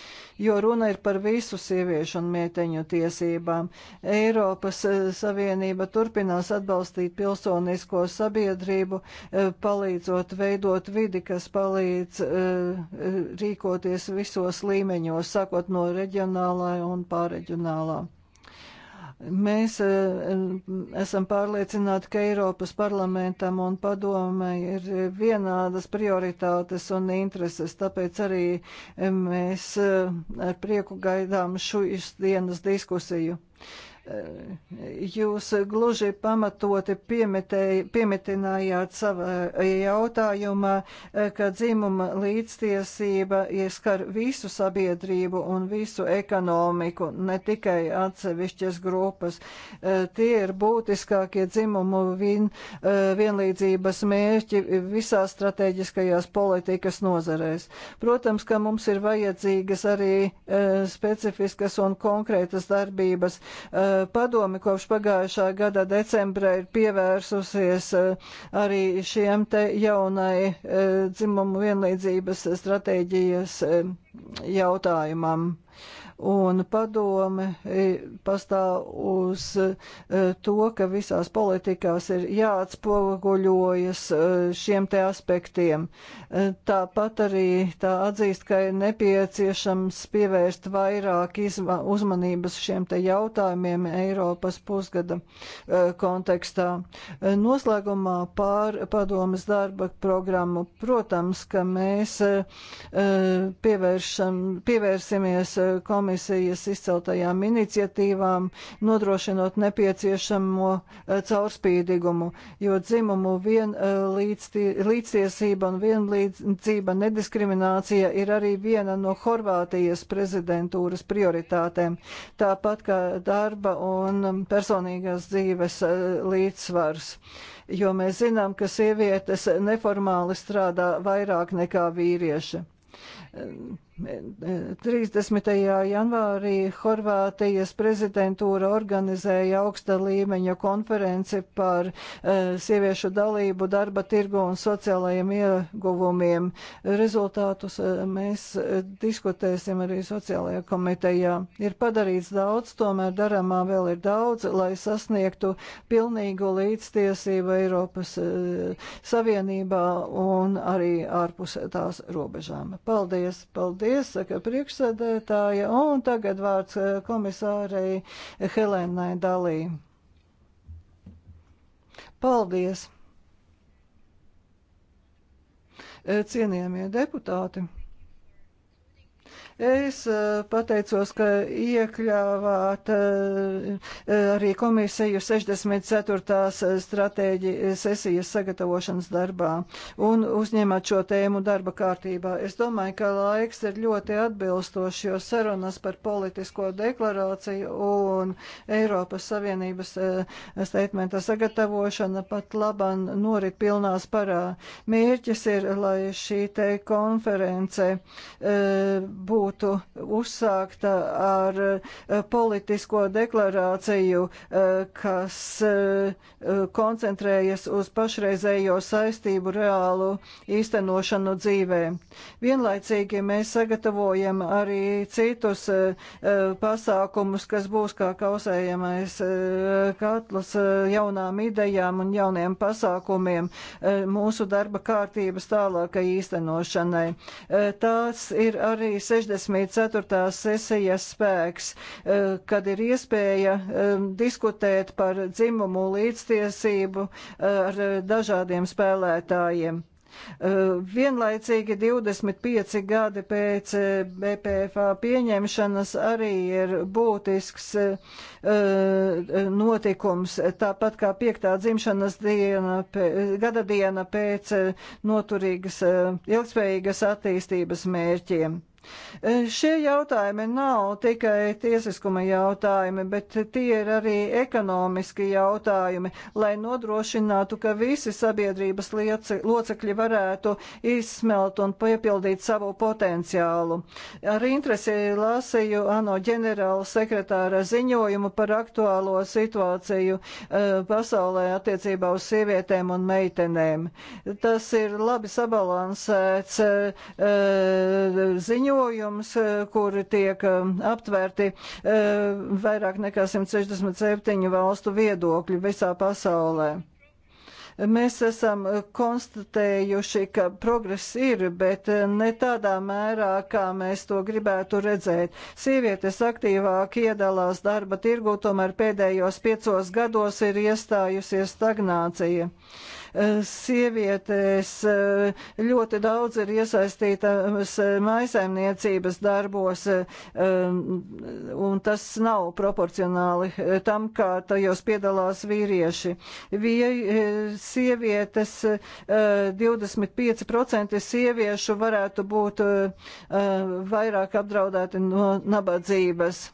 jo runa ir par visu sieviešu un mieteņu tiesībām. Eiropas eh, Savienība turpinās atbalstīt pilsonisko sabiedrību, eh, palīdzot veidot vidi, kas palīdz eh, rīkoties visos līmeņos, sakot no reģionālā un pārreģionālā. Mēs e, e, esam pārliecināti, ka Eiropas parlamentam un padomē ir vienādas prioritātes un intereses, tāpēc arī e, mēs ar prieku gaidām šīs dienas diskusiju. Jūs gluži pamatoti piemetēji, piemetinājāt savā jautājumā, ka dzimuma līdztiesība ieskar visu sabiedrību un visu ekonomiku, ne tikai atsevišķas grupas. E, tie ir būtiskākie dzimumu vien, e, vienlīdzības mērķi visās strateģiskajās politikas nozarēs. Protams, ka mums ir vajadzīgas arī e, specifiskas un konkrētas darbības. Uh, Padome kopš pagājušā gada decembra ir pievērsusies eh, arī šiem te jaunai eh, dzimumu vienlīdzības stratēģijas eh, jautājumam un padome e, pastāv uz e, to, ka visās politikās ir jāatspoguļojas e, šiem te aspektiem. Tāpat arī tā atzīst, ka ir nepieciešams pievērst vairāk uzmanības šiem te jautājumiem Eiropas pusgada kontekstā. Noslēgumā pār padomas darba programmu. Protams, ka mēs pievēršam, pievērsimies komisijai komisijas izceltajām iniciatīvām, nodrošinot nepieciešamo eh, caurspīdīgumu, jo dzimumu vien, eh, līdztiesība un vienlīdzība nediskriminācija ir arī viena no Horvātijas prezidentūras prioritātēm, tāpat kā darba un personīgās dzīves eh, līdzsvars jo mēs zinām, ka sievietes neformāli strādā vairāk nekā vīrieši. 30. janvārī Horvātijas prezidentūra organizēja augsta līmeņa konferenci par eh, sieviešu dalību darba tirgu un sociālajiem ieguvumiem. Rezultātus eh, mēs eh, diskutēsim arī sociālajā komitejā. Ir padarīts daudz, tomēr darāmā vēl ir daudz, lai sasniegtu pilnīgu līdztiesību Eiropas Savienībā un arī ārpus tās robežām. Paldies! paldies iesaka priekšsēdētāja, un tagad vārds eh, komisārei Helēnai Dalī. Paldies! Eh, cienījamie deputāti! Es eh, pateicos, ka iekļāvāt eh, eh, arī komisiju 64. stratēģi sesijas sagatavošanas darbā un uzņemat šo tēmu darba kārtībā. Es domāju, ka laiks ir ļoti atbilstošs, jo sarunas par politisko deklarāciju un Eiropas Savienības statementa sagatavošana pat laban norit pilnās parā. Mērķis ir, lai šī te konference būtu nebūtu uzsākta ar eh, politisko deklarāciju, eh, kas eh, koncentrējas uz pašreizējo saistību reālu īstenošanu dzīvē. Vienlaicīgi mēs sagatavojam arī citus pasākumus, kas būs kā kausējamais katls jaunām idejām un jauniem pasākumiem mūsu darba kārtības tālākai īstenošanai. Tās ir arī 60. 24. sesijas spēks, eh, kad ir iespēja eh, diskutēt par dzimumu līdztiesību eh, ar dažādiem spēlētājiem. Vienlaicīgi 25 gadi pēc BPFA pieņemšanas arī ir būtisks notikums, tāpat kā piektā dzimšanas diena, gada diena pēc noturīgas, ilgspējīgas attīstības mērķiem. E, šie jautājumi nav tikai tiesiskuma jautājumi, bet tie ir arī ekonomiski jautājumi, lai nodrošinātu, ka visi sabiedrības lieci, locekļi varētu izsmelt un piepildīt savu potenciālu. Ar interesi lasīju ANO ģenerāla sekretāra ziņojumu par aktuālo situāciju e, pasaulē attiecībā uz sievietēm un meitenēm. Tas ir labi sabalansēts e, ziņojums barojums, eh, kuri tiek eh, aptvērti eh, vairāk nekā 167 valstu viedokļi visā pasaulē mēs esam konstatējuši, ka progress ir, bet ne tādā mērā, kā mēs to gribētu redzēt. Sievietes aktīvāk iedalās darba tirgu, tomēr pēdējos piecos gados ir iestājusies stagnācija. Sievietes eh, ļoti daudz ir iesaistītas eh, maisaimniecības darbos, eh, mm, un tas nav proporcionāli tam, kā tajos piedalās vīrieši. Vie, sievietes 25% sieviešu varētu būt vairāk apdraudēti no nabadzības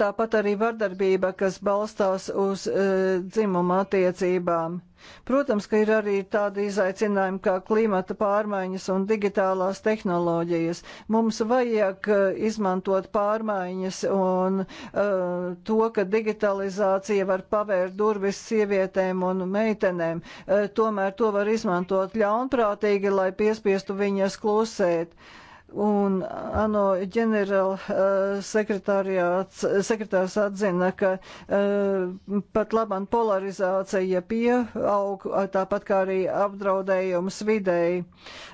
tāpat arī vardarbība, kas balstās uz uh, dzimuma attiecībām. Protams, ka ir arī tādi izaicinājumi kā klimata pārmaiņas un digitālās tehnoloģijas. Mums vajag uh, izmantot pārmaiņas un uh, to, ka digitalizācija var pavērt durvis sievietēm un meitenēm. Uh, tomēr to var izmantot ļaunprātīgi, lai piespiestu viņas klusēt. Uh, Un ANO ģenerāla eh, sekretārs atzina, ka uh, pat labam polarizācija pieaug, tāpat kā arī apdraudējums videi.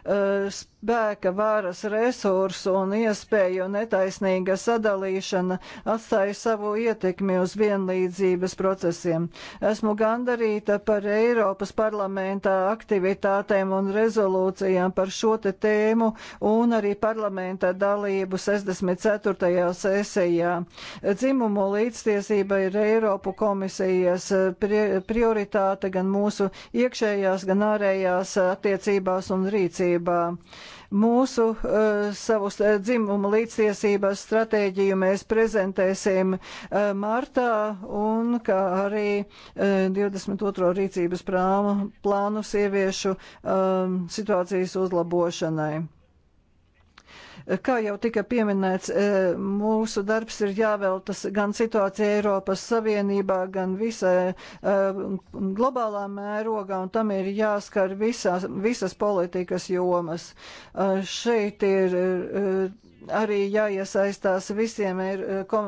Uh, bēka varas resursu un iespēju netaisnīga sadalīšana atstāja savu ietekmi uz vienlīdzības procesiem. Esmu gandarīta par Eiropas parlamentā aktivitātēm un rezolūcijām par šo te tēmu un arī parlamenta dalību 64. sesijā. Dzimumu līdztiesība ir Eiropu komisijas prioritāte gan mūsu iekšējās, gan ārējās attiecībās un rīcībā. Mūsu eh, savus eh, dzimumu līdztiesības stratēģiju mēs prezentēsim eh, martā un kā arī 22. rīcības prāmu, plānu sieviešu situācijas uzlabošanai. Kā jau tika pieminēts, e, mūsu darbs ir jāveltas gan situācija Eiropas Savienībā, gan visā e, globālā mērogā, un tam ir jāskar visās, visas politikas jomas. E, šeit ir arī jāiesaistās visiem eh,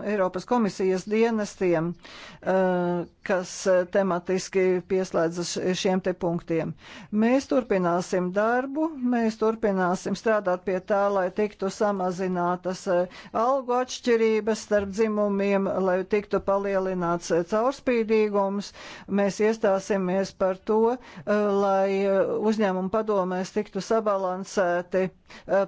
Eiropas komisijas dienestiem, eh, kas eh, tematiski pieslēdzas šiem te punktiem. Mēs turpināsim darbu, mēs turpināsim strādāt pie tā, lai tiktu samazinātas algu atšķirības starp dzimumiem, lai tiktu palielināts caurspīdīgums. Mēs iestāsimies par to, lai uzņēmumu padomēs tiktu sabalansēti,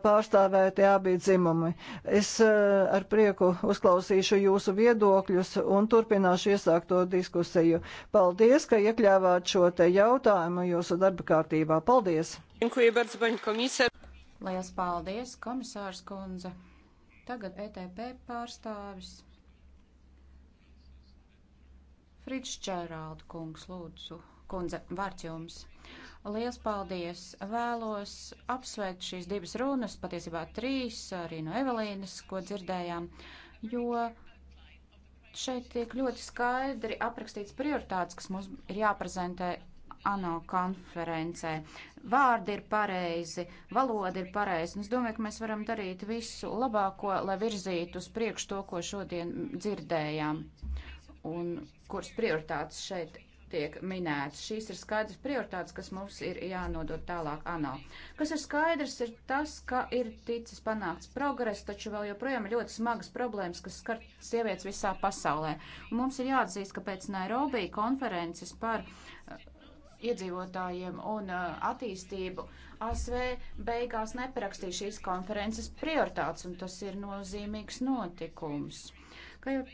pārstāvēti abi dzimumi uzdevumi. Es eh, ar prieku uzklausīšu jūsu viedokļus un turpināšu iesākto diskusiju. Paldies, ka iekļāvāt šo te jautājumu jūsu darba kārtībā. Paldies! Lielas paldies, komisārs kundze! Tagad ETP pārstāvis. Frits Čērālda kungs, lūdzu. Kundze, vārds jums. Liels paldies! Vēlos apsveikt šīs divas runas, patiesībā trīs, arī no Evelīnas, ko dzirdējām, jo šeit tiek ļoti skaidri aprakstīts prioritātes, kas mums ir jāprezentē ANO konferencē. Vārdi ir pareizi, valoda ir pareizi, un es domāju, ka mēs varam darīt visu labāko, lai virzītu uz priekšu to, ko šodien dzirdējām, un kuras prioritātes šeit tiek minēts. Šīs ir skaidrs prioritātes, kas mums ir jānodot tālāk ANO. Kas ir skaidrs, ir tas, ka ir ticis panākts progress, taču vēl joprojām ir ļoti smagas problēmas, kas skar sievietes visā pasaulē. Un mums ir jāatzīst, ka pēc Nairobi konferences par uh, iedzīvotājiem un uh, attīstību ASV beigās neparakstīja šīs konferences prioritātes, un tas ir nozīmīgs notikums. Kā jau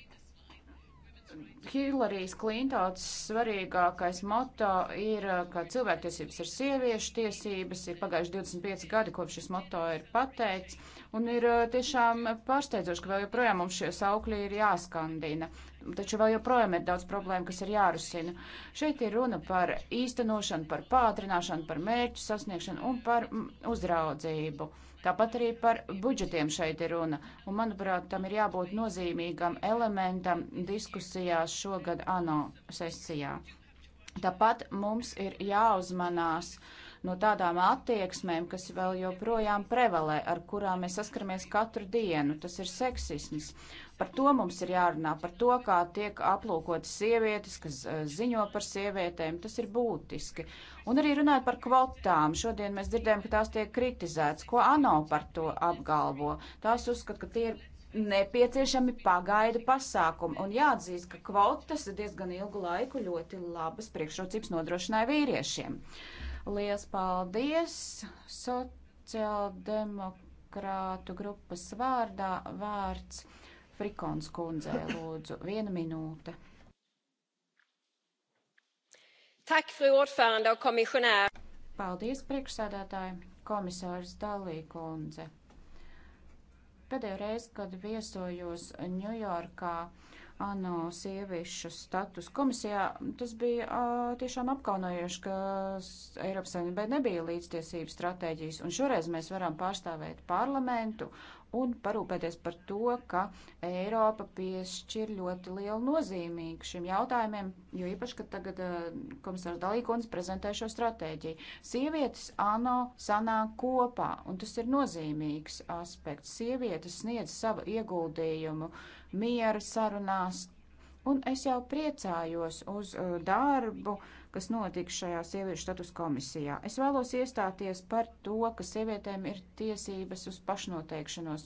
Hillarijas Klintāts svarīgākais moto ir, ka cilvēktiesības ir sieviešu tiesības, ir pagājuši 25 gadi, kopš šis moto ir pateikts, un ir eh, tiešām pārsteidzoši, ka vēl joprojām mums šie saukļi ir jāskandina taču vēl joprojām ir daudz problēmu, kas ir jārusina. Šeit ir runa par īstenošanu, par pātrināšanu, par mērķu sasniegšanu un par uzraudzību. Tāpat arī par budžetiem šeit ir runa, un manuprāt, tam ir jābūt nozīmīgam elementam diskusijās šogad ANO sesijā. Tāpat mums ir jāuzmanās uh, no tādām attieksmēm, kas vēl joprojām prevalē, ar kurām mēs saskaramies katru dienu. Tas ir seksisms. Par to mums ir jārunā, par to, kā tiek aplūkotas sievietes, kas eh, ziņo par sievietēm. Tas ir būtiski. Un arī runājot par kvotām. Šodien mēs dzirdējam, ka tās tiek kritizētas. Ko ANO par to apgalvo? Tās uzskata, ka tie ir nepieciešami pagaida pasākumi. Un jāatzīst, ka kvotas diezgan ilgu laiku ļoti labas priekšrocības nodrošināja vīriešiem. Uh, Lielas paldies! Sociāldemokrātu grupas vārdā vārds Frikons kundzē lūdzu. Viena minūte. Tak, fru ordförande och kommissionär. Paldies, priekšsēdētāji, komisārs Dalī kundze. Pēdējo reizi, kad viesojos Ņujorkā, uh, ANO sieviešu status komisijā, tas bija uh, tiešām apkaunojoši, ka Eiropas Savienībai nebija līdztiesības stratēģijas, un šoreiz mēs varam pārstāvēt parlamentu un parūpēties par to, ka Eiropa piešķir ļoti lielu nozīmīgu šim jautājumiem, jo īpaši, ka tagad eh, komisārs Dalīkons prezentē šo stratēģiju. Sievietes ANO sanāk kopā, un tas ir nozīmīgs aspekts. Sievietes sniedz savu ieguldījumu miera sarunās Un es jau priecājos uz uh, darbu, kas notiks šajā sieviešu status komisijā. Es vēlos iestāties par to, ka sievietēm ir tiesības uz pašnoteikšanos.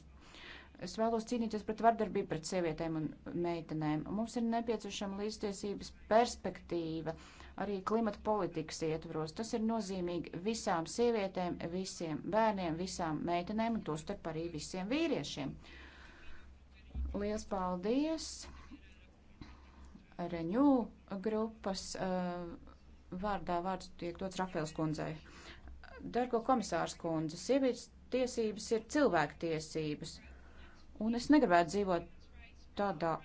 Es vēlos cīnīties pret vardarbību pret sievietēm un meitenēm. Mums ir nepieciešama līdztiesības perspektīva arī klimata politikas ietvaros. Tas ir nozīmīgi visām sievietēm, visiem bērniem, visām meitenēm un tostarp arī visiem vīriešiem. Lielas paldies! Reņū grupas eh, vārdā vārds tiek dots Rafēls kundzei. Dargo komisārs kundze, sievietes tiesības ir cilvēktiesības, un es negribētu dzīvot tādā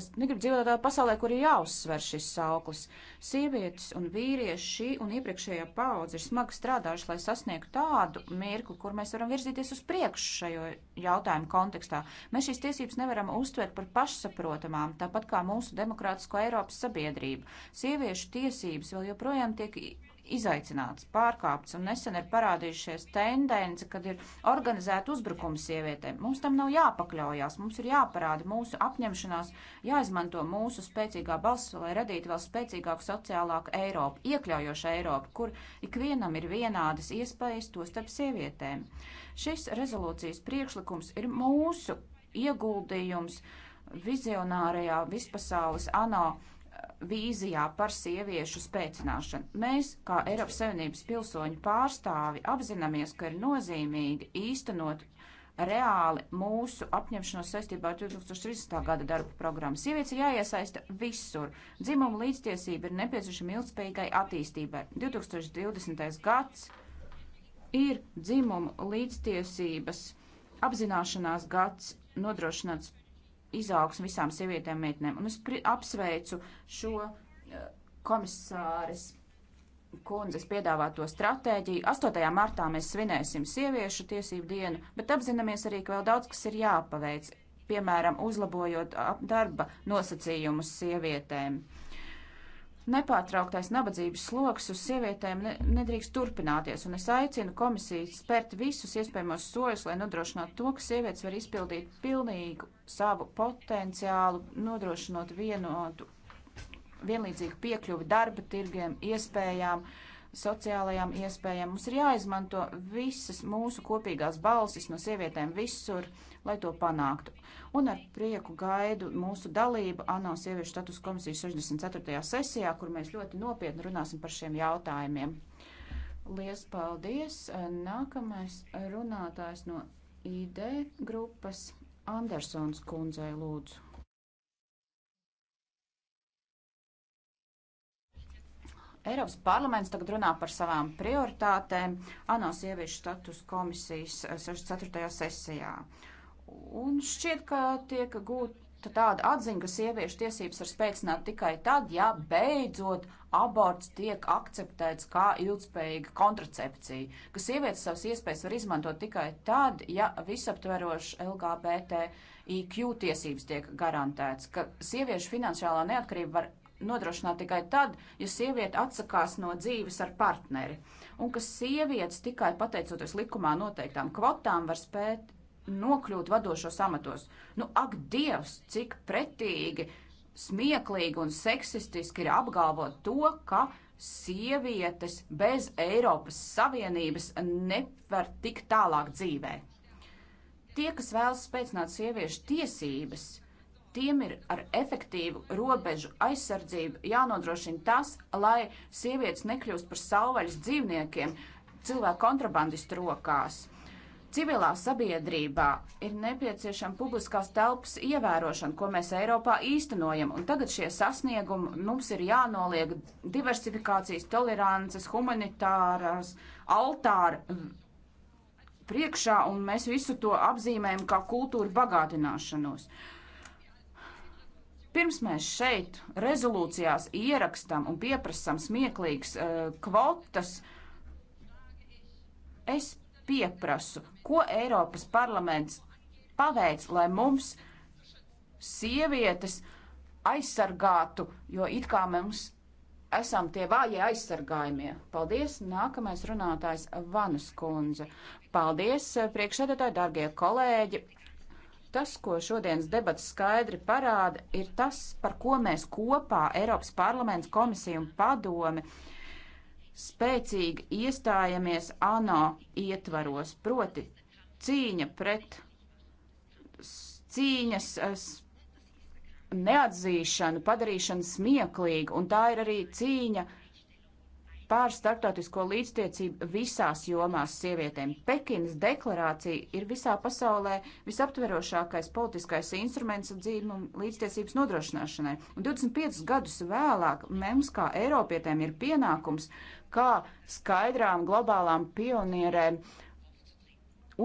Es negribu dzīvot tādā pasaulē, kur ir jāuzsver šis sauklis. Sievietes un vīrieši šī un iepriekšējā paudze ir smagi strādājuši, lai sasniegtu tādu mirkli, kur mēs varam virzīties uz priekšu šajo jautājumu kontekstā. Mēs šīs tiesības nevaram uztvert par pašsaprotamām, tāpat kā mūsu demokrātisko Eiropas sabiedrību. Sieviešu tiesības vēl joprojām tiek izaicināts, pārkāpts, un nesen ir parādījušies tendence, kad ir organizēta uzbrukuma sievietēm. Mums tam nav jāpakļaujās, mums ir jāparāda mūsu apņemšanās, jāizmanto mūsu spēcīgā balss, lai radītu vēl spēcīgāku, sociālāku Eiropu, iekļaujošu Eiropu, kur ikvienam ir vienādas iespējas to starp sievietēm. Šis rezolūcijas priekšlikums ir mūsu ieguldījums vizionārajā vispasaules ANO vīzijā par sieviešu spēcināšanu. Mēs, kā Eiropas Savienības pilsoņu pārstāvi, apzināmies, ka ir nozīmīgi īstenot reāli mūsu apņemšanos saistībā ar 2030. gada darba programmu. Sievietes ir jāiesaista visur. Dzimuma līdztiesība ir nepieciešama ilgspējīgai attīstībai. 2020. gads ir dzimuma līdztiesības apzināšanās gads nodrošināts izaugsmu visām sievietēm meitenēm. Un es apsveicu šo uh, komisāres kundzes piedāvāto stratēģiju. 8. martā mēs svinēsim sieviešu tiesību dienu, bet apzināmies arī, ka vēl daudz kas ir jāpaveic, piemēram, uzlabojot darba nosacījumus sievietēm. Uh, Nepārtrauktais nabadzības sloks uz sievietēm ne, nedrīkst turpināties, un es aicinu komisiju spērt visus iespējamos soļus, lai nodrošinātu to, ka sievietes var izpildīt pilnīgu savu potenciālu, nodrošinot vienotu, vienlīdzīgu piekļuvi darba tirgiem, iespējām, sociālajām iespējām. Mums ir jāizmanto visas mūsu kopīgās balsis no sievietēm visur, lai to panāktu un ar prieku gaidu mūsu dalību ANO sieviešu status komisijas 64. sesijā, kur mēs ļoti nopietni runāsim par šiem jautājumiem. Lies paldies! Nākamais runātājs no ID grupas Andersons kundzei lūdzu. Eiropas parlaments tagad runā par savām prioritātēm ANO sieviešu status komisijas 64. sesijā. Uh, Un šķiet, ka tiek gūta tāda atziņa, ka sieviešu tiesības var spēcināt tikai tad, ja beidzot aborts tiek akceptēts kā ilgspējīga kontracepcija, ka sievietes savas iespējas var izmantot tikai tad, ja visaptveroši LGBTIQ tiesības tiek garantēts, ka sieviešu finansiālā neatkarība var nodrošināt tikai tad, ja sieviete atsakās no dzīves ar partneri, un ka sievietes tikai pateicoties likumā noteiktām kvotām var spēt nokļūt vadošos amatos. Nu, ak, Dievs, cik pretīgi, smieklīgi un seksistiski ir apgalvot to, ka sievietes bez Eiropas Savienības nevar tik tālāk dzīvē. Tie, kas vēlas spēcināt sieviešu tiesības, tiem ir ar efektīvu robežu aizsardzību jānodrošina tas, lai sievietes nekļūst par savvaļas dzīvniekiem cilvēku kontrabandistu rokās. Civilā sabiedrībā ir nepieciešama publiskās telpas ievērošana, ko mēs Eiropā īstenojam, un tagad šie sasniegumi mums ir jānoliek diversifikācijas, tolerances, humanitāras, altāra priekšā, un mēs visu to apzīmējam kā kultūra bagātināšanos. Pirms mēs šeit rezolūcijās ierakstam un pieprasam smieklīgas uh, kvotas, es pieprasu, ko Eiropas parlaments paveic, lai mums sievietes aizsargātu, jo it kā mums esam tie vājie aizsargājumie. Paldies, nākamais runātājs Vanas kundze. Paldies, priekšsēdētāji, dargie kolēģi. Tas, ko šodienas debats skaidri parāda, ir tas, par ko mēs kopā Eiropas parlaments, komisija un padomi uh, spēcīgi iestājamies ANO ietvaros, proti cīņa pret cīņas eh, neatzīšanu, padarīšanu smieklīgu, un tā ir arī cīņa pār starptautisko līdztiecību visās jomās sievietēm. Pekinas deklarācija ir visā pasaulē visaptverošākais politiskais instruments dzīvumu līdztiesības nodrošināšanai. Un 25 gadus vēlāk mums kā Eiropietēm ir pienākums uh, kā skaidrām globālām pionierēm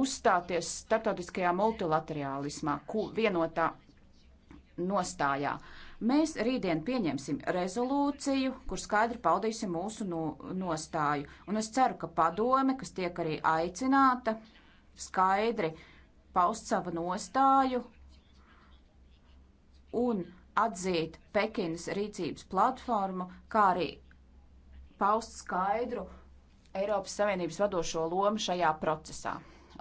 uzstāties starptautiskajā multilaterālismā, vienotā nostājā. Mēs rītdien pieņemsim rezolūciju, kur skaidri paudīsim mūsu no, nostāju. Un es ceru, ka padome, kas tiek arī aicināta, skaidri paust savu nostāju un atzīt Pekinas rīcības platformu, kā arī paust skaidru Eiropas Savienības vadošo lomu šajā procesā.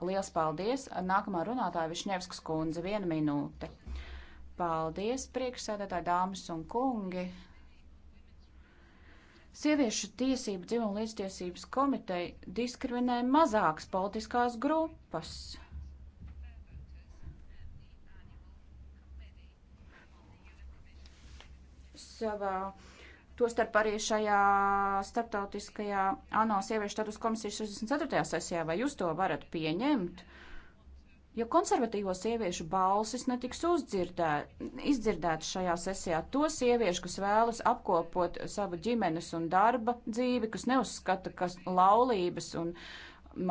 Liels paldies! Nākamā runātāja Višņevskas kundze, viena minūte. Paldies, priekšsēdētāji, dāmas un kungi! Sieviešu tiesību dzimuma līdztiesības komiteja diskriminē mazākas politiskās grupas. Savā uh, Tostarp arī šajā starptautiskajā ANO sieviešu status komisijas 64. sesijā, vai jūs to varat pieņemt? Jo konservatīvo sieviešu balsis netiks izdzirdētas šajā sesijā. To sieviešu, kas vēlas apkopot savu ģimenes un darba dzīvi, kas neuzskata, ka laulības un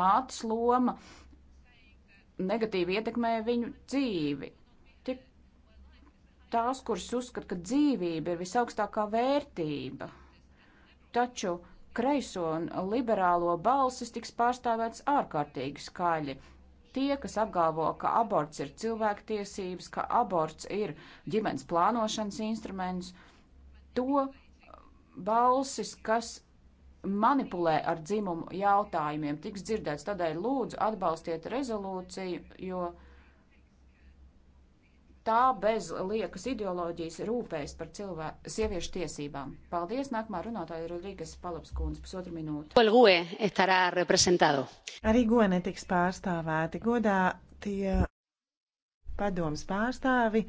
mātes loma negatīvi ietekmē viņu dzīvi tās, kuras uzskata, ka dzīvība ir visaugstākā vērtība. Taču kreiso un liberālo balsis tiks pārstāvēts ārkārtīgi skaļi. Tie, kas apgalvo, ka aborts ir cilvēktiesības, ka aborts ir ģimenes plānošanas instruments, to balsis, kas manipulē ar dzimumu jautājumiem, tiks dzirdēts. Tādēļ lūdzu atbalstiet rezolūciju, jo tā bez liekas ideoloģijas rūpējas par cilvēku sieviešu tiesībām. Paldies, nākamā runātāja Rodrīgas Palapskūnas, pusotru minūtu. Arī goe netiks pārstāvēti. Godā tie padoms pārstāvi.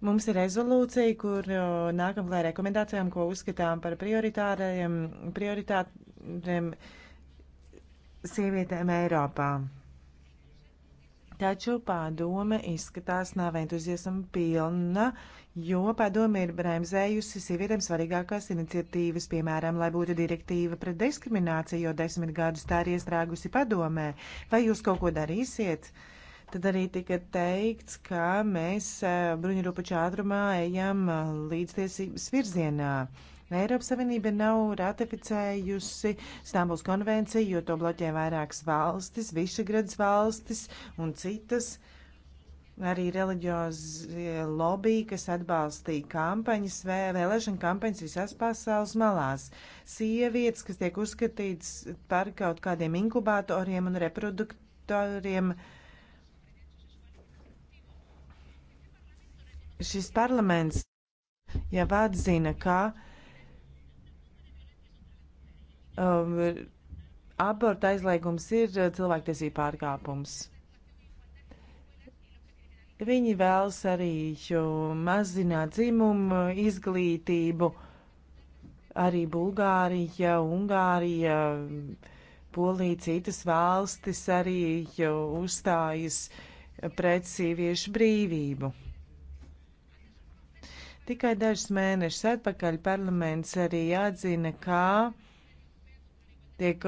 Mums ir rezolūcija, kur nākam klāja rekomendācijām, ko uzskatām par prioritāriem, prioritāriem sievietēm Eiropā. Taču padome izskatās nav entuziasma pilna, jo padome ir bremzējusi sievietēm svarīgākās iniciatīvas, piemēram, lai būtu direktīva pret diskrimināciju, jo desmit gadus tā ir iestrēgusi padomē. Vai jūs kaut ko darīsiet? Tad arī tika teikts, ka mēs eh, bruņurupuču ātrumā ejam eh, līdztiesības virzienā. Uh, Eiropas Savienība nav ratificējusi Stambuls konvenciju, jo to bloķē vairākas valstis, Višegrads valstis un citas. Arī reliģiozie lobby, kas atbalstīja kampaņas, vēlēšana kampaņas visās pasaules malās. Sievietes, kas tiek uzskatītas par kaut kādiem inkubatoriem un reproduktoriem. Šis parlaments jau atzina, ka uh, um, aborta aizliegums ir uh, cilvēktiesība pārkāpums. Viņi vēlas arī mazināt dzimumu izglītību. Arī Bulgārija, Ungārija, Polija, citas valstis arī uzstājas pret sieviešu brīvību. Tikai dažus mēnešus atpakaļ parlaments arī atzina, ka tiek